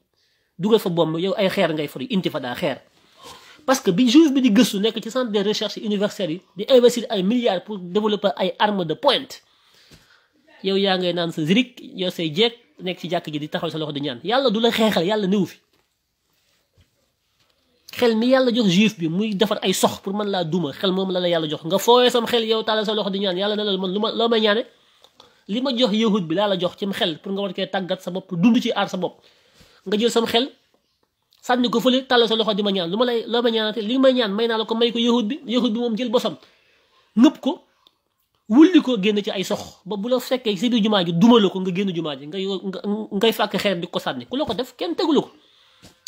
dugal fa bomb yow ay xeer ngay for intifada xeer parce que bi juif bi di gëstu nek ci centre de recherche universitaires di investir ay milliards pour développer ay armes de pointe yow ya ngay naan sa zirik yow say jeeg nekk ci jàkk ji di taxaw sa loxo di ñaan yalla du la xeexal yàlla néew fi xel mi yalla jox juif bi muy defar ay sox pour man la duma xel mom la la yalla jox nga fooyee sam xel yow taal sa loxo di ñaan yalla ne la man luma ma loo may ñaane li ma jox yahud bi la la jox cim xel pour nga war kee tàggat sa bop dund ci ar sa bop nga jël sam xel sanni ko fële tàllal so loxo dima ñaan luma lay lo ma ñaanate li ma ñaan may naa la ko may ko yahut bi yahut bi moom jël bosam ngëpp ko wulli ko génn ci ay sox ba bu la fekkee si biir jumaa duma dumala ko nga genn jumaa ji ngay ngay fàkk xeer di ko sanni ku lako def kenn tegula ko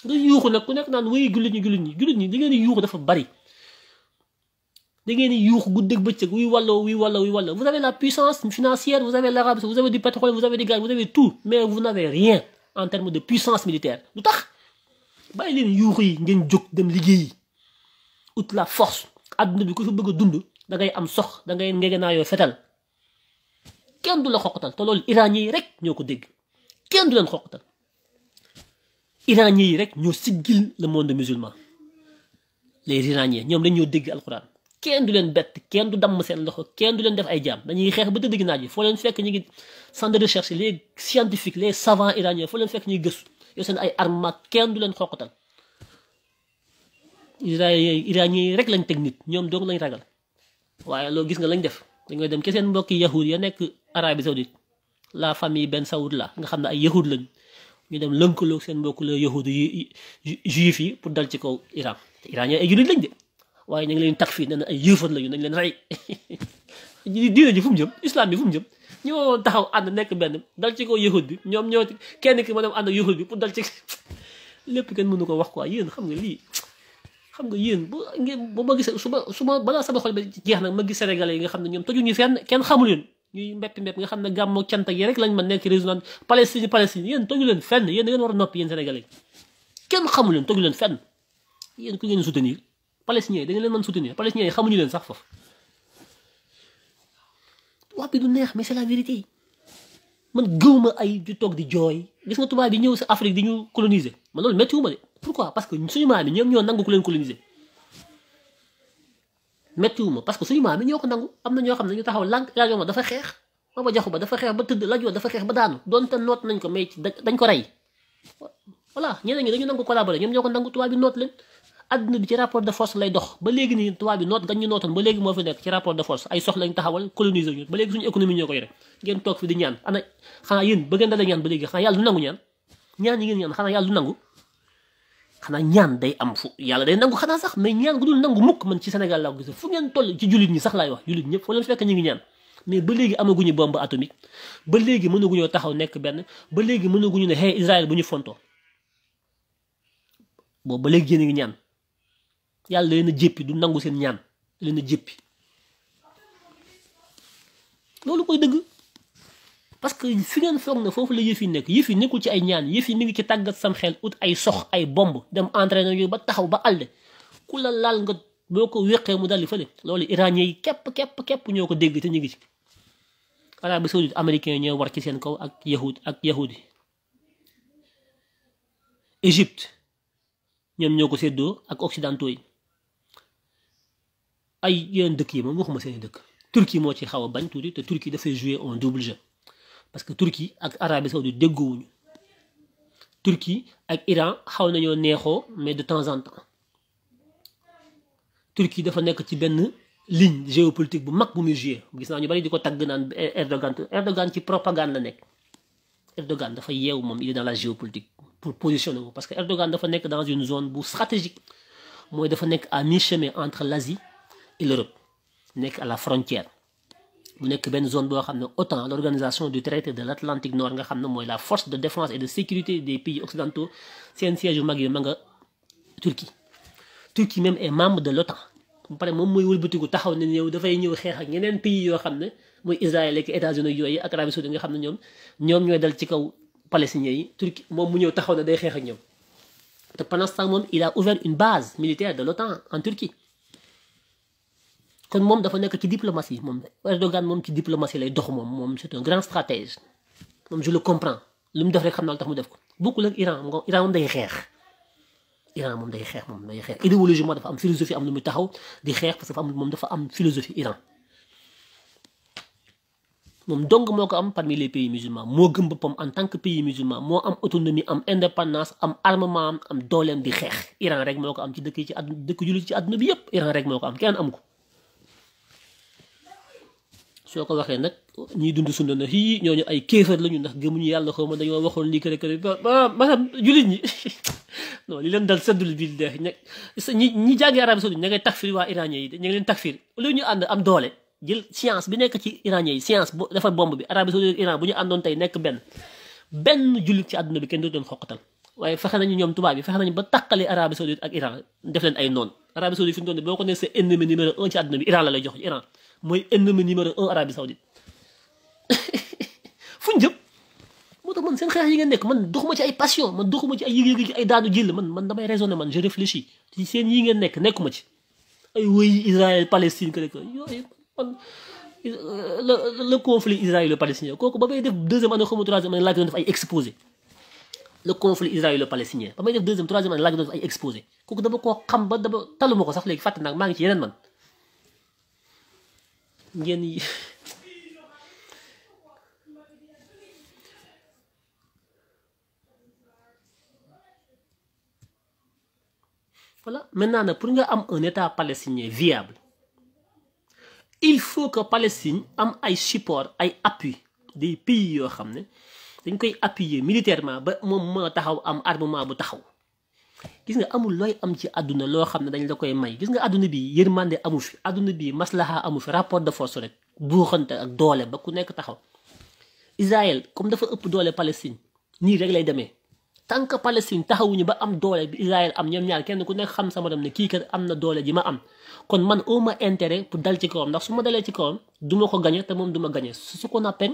nga yuuxu nak ku nek naan wuy jullit ñi jullit ñi jullit ñi di ngeen di yuuxu dafa bari da ngeen di yuuxu guddeeg bëccëg wuy wàlloo wuy wàlloo wuy wàlloo vous avez la puissance financière vous avez l'arabe vous avez du pétrole vous avez du gaz vous avez tout mais vous n'avez rien en termes de puissance militaire lu tax bàyyi leen yuuxu yi ngeen jóg dem liggéeyi ut la force adduna bi ku fi bëgg dund da ngay am sox da naa yoo fetal kenn du la xoqatal te loolu iraniens yi rek ñoo ko dégg kenn du leen xoqatal iraniens yi rek ñoo siggil le monde musulman les iraniens ñoom dañ ñoo dégg alquran kenn du leen bett kenn du damm seen loxo kenn du leen def ay jaam dañuy xeex ba tëdd gi naaj yi foo leen fekk ñu ngi centre de recherche les scientifiques les savants iraniens foo leen fekk ñuy gëstu yor seen ay armement kenn du leen xoqatal iranien yi rek lañ teg nit ñoom doog lañ ragal waaye loo gis nga lañ def dañoo dem ci seen mbokki yahud ya nekk Arabie Saoudite la famille Ben Saoud la nga xam ne ay yahud lañ ñu dem lënkaloog seen mbokk la yahud juif yi pour dal ci kaw Iran te iranien ay julit lañ de waaye ñu ngi leen takfir ne ay yëfat lañu nañ leen rey (laughs) diine ji fu mu jëm islam bi fu jëm ñu waroon taxaw ànd nekk benn dal ci ko yahud bi ñoom ñoo ci kenn ki ma dem ànd ak yahud bi pour dal ci (laughs) lépp kenn mënu ko wax quoi yéen xam nga lii xam nga yéen bu ngeen bu ma gisee su balaa sama xol bi jeex nag ma gis sénégalais yi nga xam ne ñoom tojuñu fenn kenn xamul leen ñuy mbeppi mbépp nga xam ne gàmmoo cant ak yi rek lañ ma nekk réseau naan palestine palestine yéen toju leen fenn yéen da a leen toju leen fenn yéen ku ngeen soutenir palestiniens yi da ngeen leen mën xamuñu leen sax foofu wax bi du neex mais c'est la vérité man gëw ma ay ju toog di jooy gis nga tubaab yi ñëw si Afrique di ñu coloniser man loolu méttiwuma de pourquoi parce que suñu maam yi ñoo nangu ku leen coloniser méttiwuma parce que suñu maam yi ñoo ko nangu am na ñoo xam ne ñu taxaw lànk laajo dafa xeex ba jaxu ba dafa xeex ba tëdd laajo dafa xeex ba daanu donte noot nañ ko mais dañ ko rey voilà ñeneen ñi dañu nangu collaborer ñoom ñoo ko nangu tubaab bi noot leen adduna bi ci rapport de force lay dox ba léegi nii tubaab bi noot dañ ñu nootoon ba léegi moo fi nekk ci rapport de force ay soxla lañ taxawal coloniser ñu ba léegi suñu économie ñoo ko yore ngeen toog fi di ñaan ana xanaa yéen ba ngeen dalee ñaan ba léegi xanaa yàlla du nangu ñaan ñaan yi ngeen ñaan xanaa ñaan day am fu yàlla day nangu xanaa sax mais ñaan gu dul nangu mukk ci Sénégal laa fu ngeen toll ci jullit ñi sax laay wax jullit ñëpp fa leen fekk ñu ngi ñaan mais ba léegi amaguñu bombe atomique ba léegi mënaguñoo taxaw nekk benn ba léegi mënaguñu ne hey Israël bu ñu fontoo boobu ba léegi yéen a ngi ñaan yàlla leen na jéppi du nangu seen ñaan leen a jéppi loolu koy dëgg parce que fi ngeen foog na foofu la yëf yi nekk yëf yi nekkul ci ay ñaan yëf yi mi ngi ci tàggat sam xel ut ay sox ay bomb dem entraîneur yooyu ba taxaw ba àll ku la laal ko wéqee mu dalli fële loolu iranien yi képp képp kepp ñoo ko dégg te ñu ngi ci Arabie Saoudite américain yi ñoo war ci seen kaw ak yahud ak yahudi Égypte ñoom ñoo ko séddoo ak occidentaux yi ay y dëkk yi waxuma Turquie ci a bañ jouer en double jeu parce que Turquie ak Arabie Saoudite déggoowuñu Turquie ak Iran xaw mais de temps en temps Turquie dafa nekk ci ligne géopolitique bu bu bari Erdogan Erdogan ci propagande Erdogan il est dans la géopolitique pour positionner parce que Erdogan dafa dans une zone bu stratégique mooy dafa à mi-chemin entre l'Asie l'Europe nekk à la frontière mu nekk benn zone bo xam autant l'organisation du traité de l'Atlantique Nord nga xam moy la force de défense et de sécurité des pays occidentaux C'est un siège yu mag Turquie Turquie même est membre de l'OTAN ba pare moom mooy wëlbatiku taxaw ne ñëw dafay ñëw xeex ak ñeneen pays yoo xam ne mooy Israël ak États-Unis yooyu ak Arabie Saoudite nga xam ñom ñom ñoy dal ci kaw palestiniens yi Turquie mu ñew taxaw ne day xeex ak ñoom te pendant ce temps mom il a ouvert une base militaire de l'OTAN en Turquie kon mom dafa nek ci diplomatie mom Erdogan mom ci diplomatie lay dox mom mom c'est un grand stratège mom je le comprends lim def rek xam naa tax mu def ko bokkul ak Iran moom Iran mom day xex Iran moom day xeex mom day xeex idéologiquement dafa am philosophie am lu mu taxaw di xex parce que mom dafa am philosophie Iran mom dong moko am parmi les pays musulmans mo gëm bopam en tant que pays musulman mo am autonomie am indépendance am armement am dooleem di xex Iran rek moko am ci dëkk ci àdduna dëkk jullit ci aduna bi yépp Iran rek moko ko am kenn am soo ko waxee nag ñiy dund sunna na hii ñooñu ay kéefar lañu ndax gëmuñu yàlla xaw ma dañoo waxoon lii kër kër ba maanaam jullit ñi (laughs) non li leen dal seddul billahi ña ñi ñi jàngi arabi saudi ña ngay takfir waa iranien yi ña ngi leen takfir lu ñu ànd am doole jël science bi nekk ci iranien yi science bu defar bomb bi arabi saudi iran bu ñu àndoon tey nekk benn benn jullit ci àdduna bi kenn dootu leen xoqatal waaye fexe nañu ñoom tubaab yi fexe nañu ba tàqale Arabie Saoudite ak Iran def leen ay noon Arabie Saoudite fi mu boo ko ne c'est ennemi numéro un ci àdduna la lay jox suis ennemi numéro un Arabie Saoudite (laughs) fuñ jëm je man yi passion man ci ay ay man man je réfléchis ci seen yi ci ay Israël Palestine que le conflit israélo-palestinien kooku ba def deuxième troisième exposé le conflit israélo-palestinien ba bay def deuxième troisième année suis exposé dama xam ba sax ci man voilà maintenant pour nga am un état palestinien viable il faut que Palestine ait ay support ay appui des pays appuyer militairement pour moom un taxaw am armement gis nga amul looy am ci aduna loo xam ne dañ la koy may gis nga aduna bi yërmande amu fi aduna bi maslaha amu fi rapport de force rek buuxante ak doole ba ku nekk taxaw Israël comme dafa ëpp doole Palestine nii rek lay demee tant que Palestine taxawuñu ba am doole bi Israël am ñoom ñaar kenn ku nekk xam sama dem ne kii kat am na doole ji ma am kon man au ma intérêt pour dal ci kawam ndax su ma dalee ci kawam duma ko gañe te moom duma ma gañe su ko nappen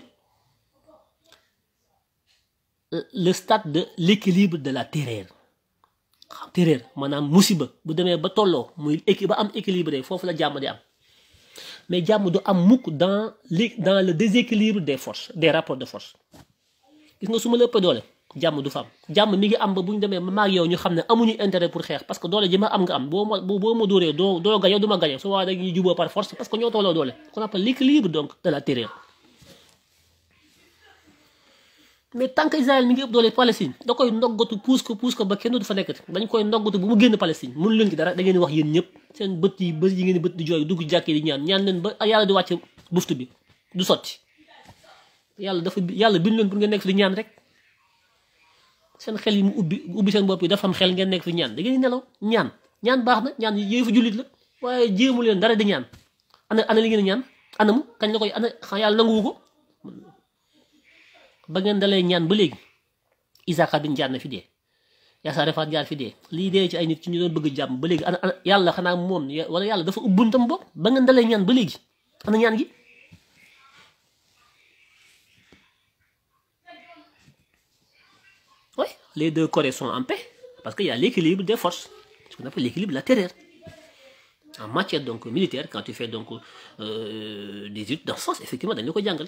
le stade de l'équilibre de la terreur téréer manam musiba bu demee ba tolo muy équi ba am équilibré fofu la jamm di am mais jamm du am mukk dans dans le déséquilibre des forces des rapports de force gis nga suma lepp léppee doole jàmm du fam jamm mi ngi am ba buñ ñu ma maag yow ñu xamné amuñu intérêt pour xex parce que doole ji ma am nga am bo ma boo ma dóoree doo gañu gañe du ma gañe su waa dañuy par force parce que ñoo tolo doole qu'on appelle l'équilibre donc de la terreur mais tant que Israël mi ngi ëpp doole Palestine da koy ndoggatu puus ko puus ko ba kenn du fa nekkati dañ koy ndoggatu bu mu génn Palestine mënu leen ci dara da ngeen wax yéen ñëpp seen bët yi bët yi ngeen bët di jooy dugg jàkkee di ñaan ñaan leen ba yàlla bi du sotti yàlla dafa yàlla bind leen pour ngeen nekk di ñaan rek seen xel yi mu ubbi ubbi seen bopp yi dafa am xel ngeen nekk fi ñaan da ngeen nelaw ñaan ñaan baax na ñaan yooyu fa jullit la waaye jéemu leen dara di ñaan ana ana li ngeen ñaan anamu kañ la koy ana yàlla nanguwu ko ba ngeen dalee ñaan ba leg isaac bin jann fi de ya sa Faat jaar fi de li de ci ay nit ci ñu doon bëgg jamm ba leg yalla xana mom wala yalla dafa ubuntam bopp ba ngeen dalay ñaan ba leg ana ñaan gi oui les deux corps sont en paix parce que y a l'équilibre des forces ce qu'on appelle l'équilibre latéral en matière donc militaire quand tu fais donc euh, des études dans ce sens effectivement dañ le ko d'angle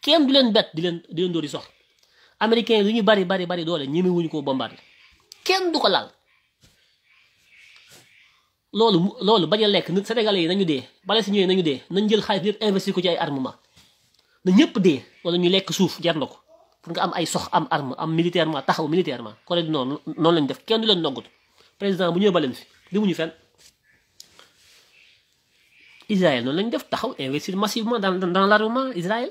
kenn du leen bett di leen di leen dóor di sox américain lu ñu bari bari bari doole ñeme wuñu ko bombardé kenn du ko laal loolu loolu bañ a lekk sénégalais yi nañu dee bale si ñëwee nañu dee nañ jël xaalis yëpp investir ko ci ay armement na ñëpp dee wala ñu lekk suuf jar ko pour nga am ay sox am arme am militairement taxaw militairement Corée du Nord noonu lañ def kenn du leen noggut président bu ñëwee baleen fi li mu ñu fenn Israël noonu lañ def taxaw investir massivement dans dans l'armement Israël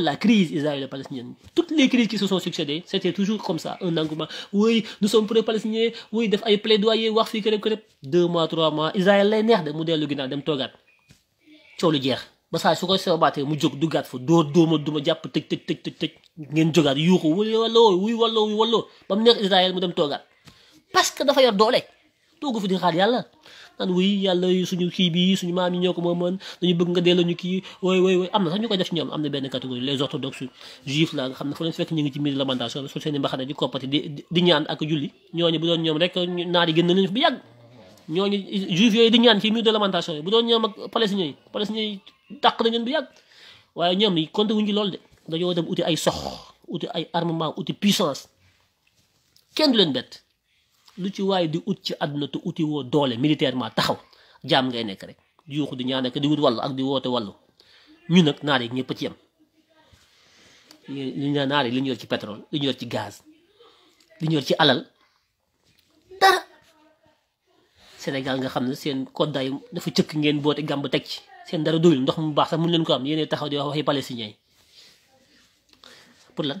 la crise israélo-palestinienne toutes les crises qui se sont succédées c'était toujours comme ça un engouement oui nous sommes les palestiniens oui def plaidoyer deux mois trois mois Israël lay est de dem Togat. lu jeex ba sa su ko mu Il do duma Il wuy wuy wuy Il Israël mu dem parce que dafa yor dole fi di xal yalla naan wuy yàlla suñu kii bi suñu maam yi ñoo ko moomoon dañu bëgg nga delloo ñu kii wooy wooy wooy am na sax ñu koy def ci ñoom am na benn catégorie les orthodoxes juifs la nga xam ne fu leen fekk ñu ngi ci midi lamentation bi su seeni mbaxane di koppati di di ñaan ak julli ñooñu bu doon ñoom rek naar yi gën na leen fi bu yàgg ñooñu juif yooyu di ñaan ci mur de lamentation yi bu doon ñoom ak palestiniens yi palestiniens yi dàq na ngeen bu yàgg waaye ñoom yi compte wuñ ci loolu de dañoo dem uti ay sox uti ay armement uti puissance kenn du lu ci way di ut ci aduna te uti wo dole militairement taxaw jam ngay nek rek di yuxu di ñaan ak di wut wallu ak di wote wallu ñu nak naar yi ñëpp ci yem ñu naar yi li ñu yor ci pétrole li ñu yor ci gaz li ñu yor ci alal da sénégal nga xam ne seen koddaay dafa cëkk ngeen boté gamb tek ci sen dara doyul ndox mu baax sax mun leen ko am yene taxaw di wax waxi palestinien pour lan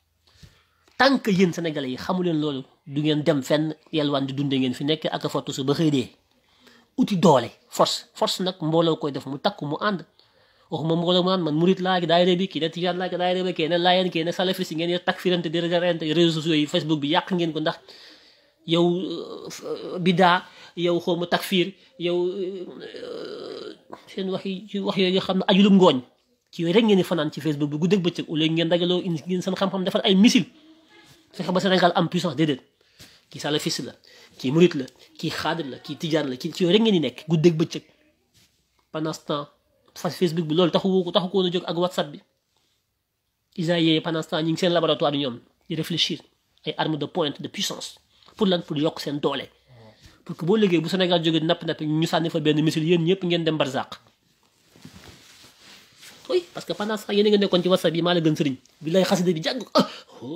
tant que yéen sénégalais yi xamu len lolu du ngeen dem fenn yelwaan di dundé ngeen fi nek ak fottu su ba xëy outil uti force force nak mbolo koy def mu takku mu ànd waxuma mbooloo mu ànd man murit laa ki daayira bi ki da tijaan laa ki daayira bi kee ne laayeen kee ne salafis yi ngeen yéen takfirante di regarante réseaux sociaux yi facebook bi yak ngeen ko ndax yow euh, bidaa yow xomu takfir yow euh, seen wax yi ci wax yo xam ne ajulum ngooñ ci rek ngeen di ci facebook bi guddeeg bëccëg ou le ngeen dajaloo ngeen seen xam-xam defal ay missile fexe ba sénégal am puissance déedéet ki salafis la ki mourid la ki xaadir la ki tidiane la ki ci yooyu rek ngeen di nekk guddeeg bëccëg pendant ce temps face facebook bi loolu taxu ko taxu ko woon a jóg ak whatsapp bi isaïe pendant ce temps ñi ngi seen laboratoire ñoom di réfléchir ay armes de pointe de puissance pour lan pour yokk seen doole pour que boo liggéey bu sénégal jógee napp napp ñu sànni fa benn missile yéen ñëpp ngeen dem barzaq oui parce que pendant ce temps yéen a nga nekkoon ci whatsapp bi maa la gën sëriñ bi lay xasida bi jàng ah, oh.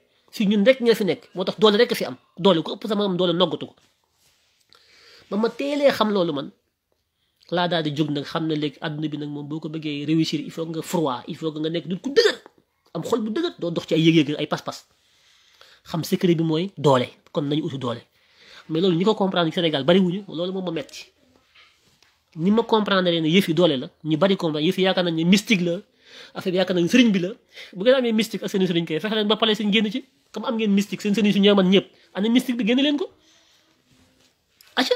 si ñun rek nga fi nekk moo tax doole rek fi am doole ko ëpp sama am doole noggatu ko ba ma teelee xam loolu man laa daal di jóg nag xam ne léegi àdduna bi nag moom boo ko bëggee réussir il faut nga froid il faut nga nekk nit ku dëgër am xol bu dëgër doo dox ci ay yëg-yëg ay pas-pas xam secret bi mooy doole kon nañu utu doole mais loolu ñu ko comprendre Sénégal bari wuñu loolu moom ma metti ni ma comprendre ne yëf yi doole la ñu bari comprendre yëf yi yaakaar nañ ne mystique la affaire yak nañ serigne bi la bu ngeen amé mystique ak seen serigne kay fexalen ba pale seen genn ci comme am ngeen mystique seen serigne su ñaman ñepp ana mystique bi génn leen ko acha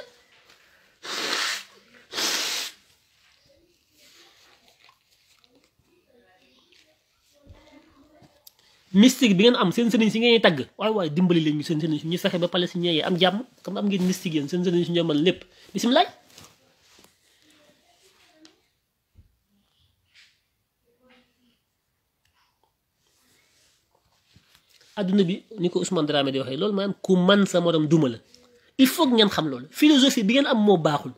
mystique bi ngeen am seen serigne ci ngeen tag way way dimbali leen ñu seen serigne si ñu fexe ba pale si ñeeyee am jamm comme am ngeen mystique yeen seen serigne su ñaman lepp bismillah adduna bi ni ko Ousmane Dramé di waxee loolu maanaam ku man sa morom duma la il faut ngeen xam loolu philosophie bi ngeen am moo baaxul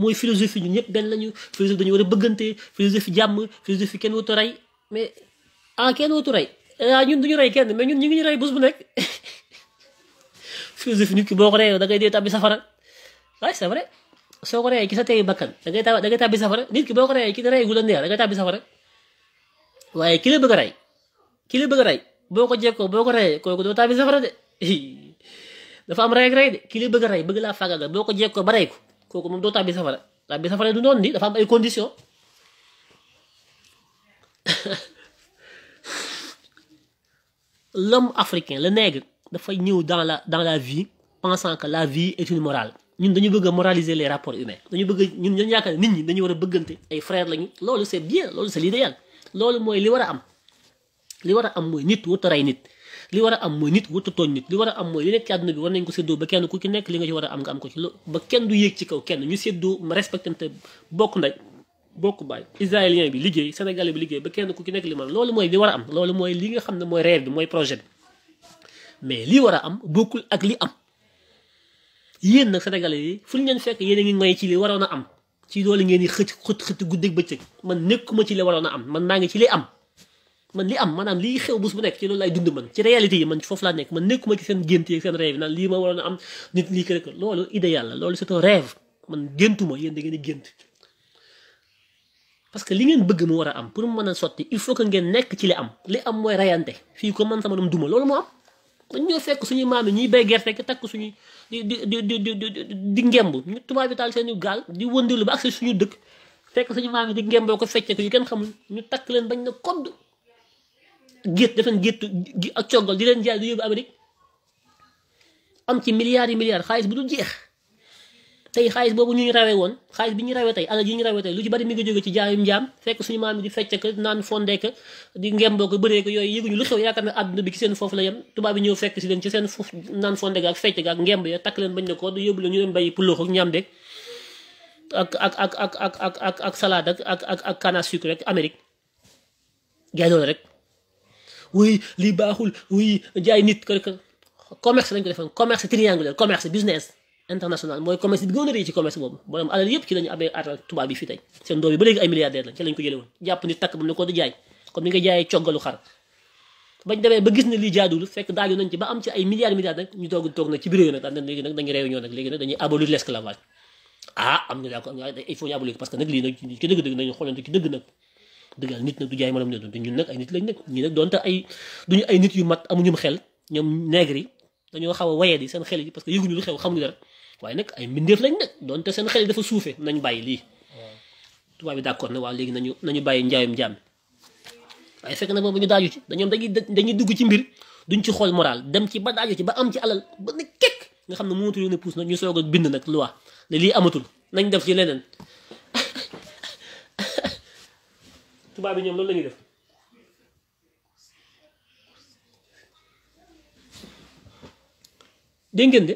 mooy philosophie ñun ñëpp benn lañu philosophie dañu war a bëggante philosophie jàmm philosophie kenn wutu rey mais ah kenn wutu rey ah ñun duñu rey kenn mais ñun ñu ngi ñu rey bés bu nekk (laughs) philosophie nit ki boo ko reyee da ngay dee tàbbi safara waaye c'est vrai soo ko reyee ki sa tey bakkan da ngay da ngay tàbbi safara nit ki boo ko reyee ki ne rey gu la neex da ngay tàbbi safara waaye ki la bëgg a rey ki la bëgg rey boo ko jekkoo boo ko reyee kooku doo tàbbi safara de dafa am rey ak rey li bëgg rey bëgg laa fàggagal boo ko jekkoo ba ko kooku moom doo tàbbi safara tàbbi safara du noonu ni dafa am ay condition l'homme africain la nègre dafa ñëw dans la dans la vie pensant que la vie est morale ñun dañu bëgg a moraliser les rapports humains dañu bëgg ñun dañu yaakaar nit ñi dañu war a bëggante ay frères lañu loolu c'est bien loolu c'est l'idéal loolu mooy li war a am li war a am mooy nit wut a rey nit li war am mooy nit wut a tooñ nit li war a am mooy li nekk ci àdduna bi war nañ ko séddoo ba kenn ku ci nekk li nga ci war a am nga am ko ci kenn du yéeg ci kaw kenn ñu séddoo respecté bokk ndaj bokk baay bi liggéey sénégalais liggéey ba kenn ku ci nekk li man loolu mooy li war a am loolu mooy li nga xam ne mooy réer bi mooy projet bi mais li war a am bokkul ak li am yéen nag sénégalais yi fu ñu leen fekk yéen a ngi ngoy ci li waroon a am ci loolu di xëcc xët xëtt guddeeg bëccëg man nekkuma ci li waroon am man maa ngi ci li am man li am maanaam lii xew bus bu nekk ci loolu lay dund man ci réalité yi man foofu laa nekk man nekkuma ci seen gént yi seen rêve yi naan lii ma waroon a am nit lii kërek loolu idéal la loolu c'est yéen da ngeen di gént parce que li ngeen bëgg mu war a am pour mu mën a sotti il faut que ngeen nekk ci li am li am mooy rayante fii ko man sama doom duma loolu moo am dañ ñoo fekk suñuy maam yi ñuy bay gerte ki takk suñuy di di di di di di ngemb ñu tubaab yi taal seen yu gaal di wëndilu ba ak suñu dëkk fekk suñu maam yi di ngemboo ko fecce ko yu kenn ñu takk leen bañ na kodd gétt defen géttu ak coggal di leen jaay du yóbbu Amérique am ci milliards yi milliards xaalis bu dul jeex tey xaalis boobu ñu ñu rawee woon xaalis bi ñu rawee tey alal yi ñu rawee tey lu ci bari mi ngi jóge ci jaayum njaam fekk suñu maam yi di fecc ko naan fondé ko di ngemboo ko bëree ko yooyu yëguñu lu xew yaakaar ne àdduna bi ci seen foofu la yem tubaab yi ñëw fekk si leen ci seen foofu naan fondé ga ak fecc ga ak ngemb ya takk leen bañ ne ko du yóbbu leen ñu leen béyi ak ak ak ak ak ak ak ak salade ak ak ak oui lii baaxul oui jaay nit commerce lañ ko defoon commerce commerce business international mooy commerce bi gën a rëy ci commerce boobu borom yëpp ci lañu amee atal tubaab bi fii tey seen doom yi ba léegi ay milliardaire la ci lañ ko jëlee woon jàpp ni takk ba ne ko jaay comme ni nga jaayee coggalu xar bañ demee ba gis ne lii jaaduwul fekk daaju ci ba am ci ay milliards milliards nag ñu doog nag ci bureau yi nag daan léegi nag dañuy réunion dëgg nit nag du jaay maanaam ne du ñun nag ay nit lañ nekk ay nit yu mat amuñu xel ñoom nègre yi dañoo xaw a waye di seen xel yi parce que yëguñu lu xew xam dara waaye nag ay mbindeef lañ nag seen xel yi dafa suufee nañ bàyyi lii tubaab bi d'accord na waaw léegi nañu nañu bàyyi njaayum jaam waaye fekk na moom ba ñu daaju ci dañoom dañuy dañuy dugg ci mbir duñ ci xool moral dem ci ba daaju ci ba am ci alal ba ne kekk nga xam ne mënatul yónnee puus nag ñu soog a bind nag loi ne lii amatul nañ def ci leneen tubaab bi ñoom loolu la ñuy def dégg ngeen de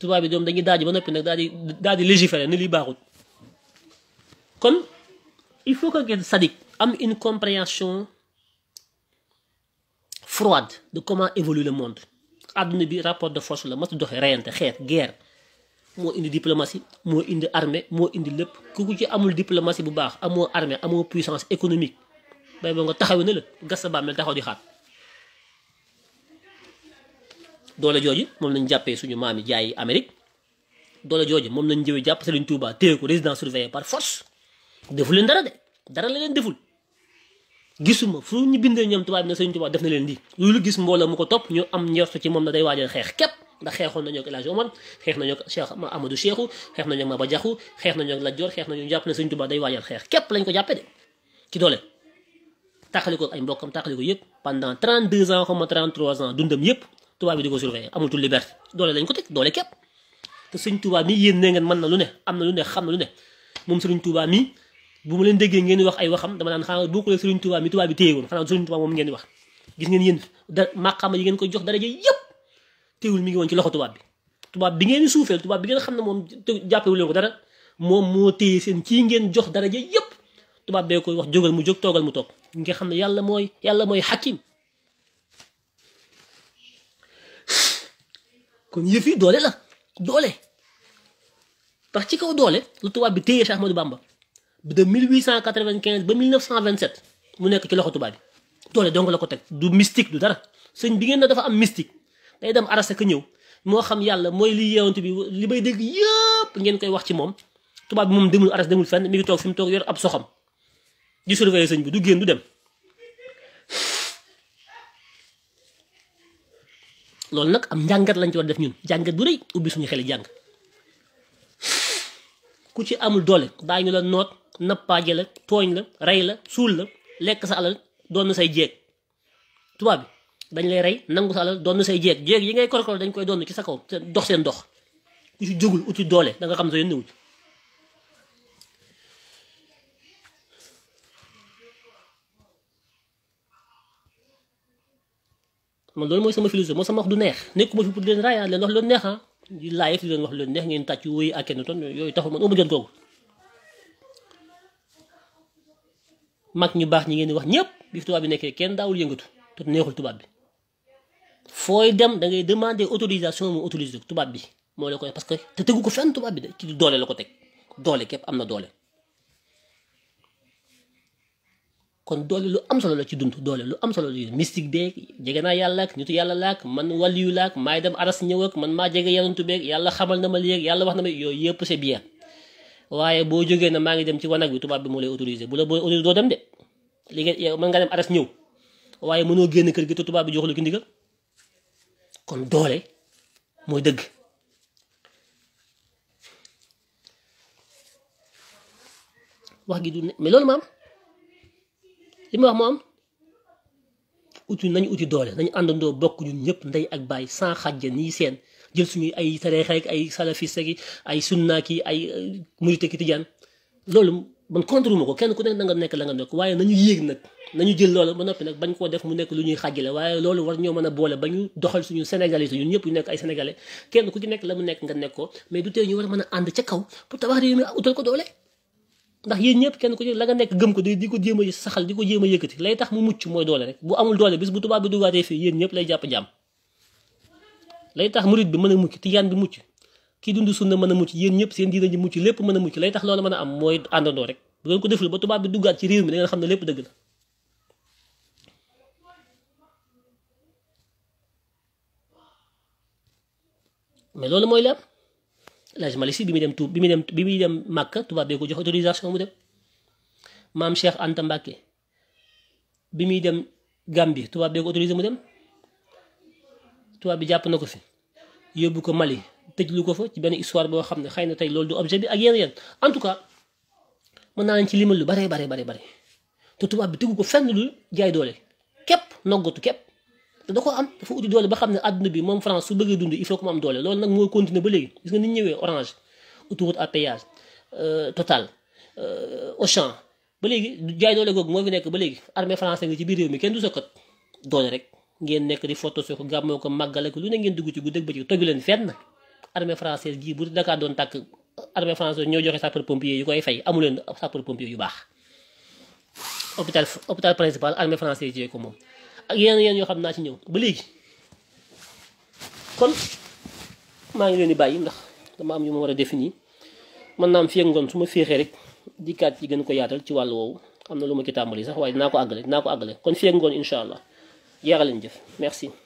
tubaab bi doom dañuy daaj ba noppi nag daal di daal di légiférer ni lii baaxul kon il faut que ngeen sadik am une compréhension froide de comment évolue le monde àdduna bi rapport de force la matu doxe reyante xeet guerre moo indi diplomatie moo indi armée moo indi lépp ku ci amul diplomatie bu baax amoo armée amoo puissance économique bay boo nga taxaw na la gas sa bàmmeel taxaw di xaat doole jooju moom lañ jàppee suñu maam yi jaay Amérique doole jooju moom lañ jëwee jàpp Serigne tuubaa téye ko résidence surveillée par force defu leen dara de dara la leen deful gisuma fu ñu bindee ñoom tubaab bi ne Serigne Touba def na leen lii lu gis mboola mu ko topp ñu am njort ci moom na day waajal xeex képp ndax xeexoon nañu ak El xeex nañu ak Cheikh Amadou Cheikhou xeex nañu ak Maba Jaxu xeex nañu ak Lat Joor xeex nañu jàpp ne Sëñ Tuubaa day waajal xeex képp lañ ko jàppee de ci ko ay mbokkam taxali ko yëpp pendant 32 ans xaw ma 33 ans dundam yëpp bi di ko surveiller amatul liberté doole lañ ko teg doole képp te Sëñ Tuubaa mi yéen ne ngeen man na lu ne am na lu ne xam na lu ne moom Sëriñ Tuubaa mi bu ma leen déggee ngeen wax ay waxam dama naan xanaa boo ko lee Sëriñ Tuubaa mi tubaab bi téye woon xanaa Sëriñ Tuubaa moom ngeen di wax gis ngeen yéen da màqaama yi ngeen koy jox daraja yëpp teewul mi ngi won ci loxo tubaab bi tubaab bi ngeen soufel tubaab bi ngeen xamne mom jappé wu leen ko dara mom mo téye seen ci ngeen jox dara je yépp tubaab be koy wax jógal mu jóg togal mu tok ngi xamne yàlla moy yàlla moy hakim kon yefi yi doole la doole tax ci kaw doole lu tubaab bi téye Cheikh Ahmadou Bamba de 1895 ba 1927 mu nekk ci loxo tubaab bi doole dong la ko tek du mystique du dara sëñ bi ngeen na dafa am mystique day dem arasaka ñëw moo xam yàlla mooy li yeewante bi li may dégg yëpp ngeen koy wax ci moom tubaab bi moom demul aras demul fenn mi ngi toog fi mu toog yor ab soxam di surveiller sëñ bi du génn du dem loolu nag am njàngat lañ ci war def ñun jàngat bu rëy ubbi suñu xel jàng ku ci amul doole daañu la noot nappaaje la tooñ la rey la suul la lekk sa alal doon na say jeeg tubaab dañ lay rey nangu sa alal donn say jéeg jéeg yi ngay korkor dañ koy donn ci sa kaw dox seen dox ku ci jógul uti doole da nga xam sa yoon newul man loolu mooy sama philosophie moo sama wax du neex nekkuma fi pour leen raaya ah, leen wax leen neex ah di laayee fi leen wax leen neex ngeen tàcc wóoyi ak kenn ton yooyu taxul man amu jot kooku mag ñu baax ñi ngeen di wax ñëpp bi fi tubaab bi nekkee kenn daawul yëngatu te neexul tubaab bi fooy dem da ngay demander autorisation mu autorise tubaab bi mo lay koy parce que te tegu ko fen tubaab bi de ci doole la ko teg doole kep amna doole. kon doole lu am solo la ci duntu doole lu am solo la mystique de jege yalla ak nitu yalla lak man waliyu lak may dem aras ñew ak man ma jege yonantu beeg yalla xamal na ma léegi yalla wax na ma yooyu yëpp c'est bien waye bo jógee na ma ngi dem ci wanag bi tubaab bi mo lay autoriser bu la boo autorisé doo dem de léegi mën nga dem aras ñew waye mënoo génn kër gi te bi jox lu ki ndigal kon doole mooy dëgg wax gi du ne mais loolu maam li ma wax moo am uti nañu uti doole nañu àndandoo bokk ñun ñëpp ndey ak baay sans xajja nii seen jël suñuy ay tareex rek ay salafiste ki ay sunna ki ay euh, murite ki tijaan loolu man contre ko kenn ku nekk na nga nekk la nga nekk waaye nañu yéeg nag nañu jël loolu ba noppi nag bañ koo def mu nekk lu ñuy xàjjale waaye loolu war ñoo mën a boole ba ñu doxal suñu sénégalais ñun ñëpp ñu nekk ay sénégalais kenn ku ci nekk la mu nekk nga nekk ko mais du tee ñu war a mën a kenn ku la nga nekk gëm ko di ko jéem a saxal ko jéem a yëkkati lay tax mu mucc mooy doole rek bu amul doole bis bu tubaab bi dugaatee fii yéen ñëpp lay jàpp jàmm lay a mucc tijaan bi a mucc yéen ñëpp seen mucc lépp mën a mucc lay tax a am mooy àndandoo rek bu doon ko deful ba tubaab bi duggaat ci réew mi da nga xam ne lépp dëgg la mais loolu mooy la Elhadji Malick bi muy dem tuub bi muy dem bi muy dem Màkka tubaab bee ko jox autorisation mu dem maam Cheikh Anta bi muy dem Gambie tubaab bee ko autorisé mu dem tubaab bi jàpp na ko fi yóbbu ko Mali lu ko fa ci benn histoire boo xam ne xëy na tey loolu du objet bi ak yenn yenn en tout cas mën naa leen ci limal lu bare bare bare bare te tubaab bi tegu ko fenn lu jaay doole képp noggatu képp. te da ko am dafa uti doole ba xam ne àdduna bi moom France su bëggee dund il faut que mu am doole loolu nag mooy continuer ba léegi gis nga ni ñëwee Orange autoroute à péage euh, Total euh, Auchan ba léegi jaay doole googu moo fi nekk ba léegi armée française nga ci biir réew mi kenn du sa kot doole rek ngeen nekk di photo soo ko gàmmoo ko màggale ko lu ne ngeen dugg ci guddeeg bëccëg toju leen fenn armée française jii bu Dakar doon tàkk armée française joxe sapeur pompier yu koy fay amu leen sapeur pompier yu baax hôpital hôpital principal armée française jiyee ko moom ak yenn yeneen yoo xam naa ci ñëw ba léegi kon maa ngi leen di bàyyi ndax dama am yu ma war a définir mën naa am fii ngoon su ma féexee rek dikkaat ci gën ko yaatal ci wàll woowu am na lu ma ci tàmbali sax waaye dinaa ko àggale dinaa ko àggale kon fii ak ngoon incha allah jeexal leen jëf merci.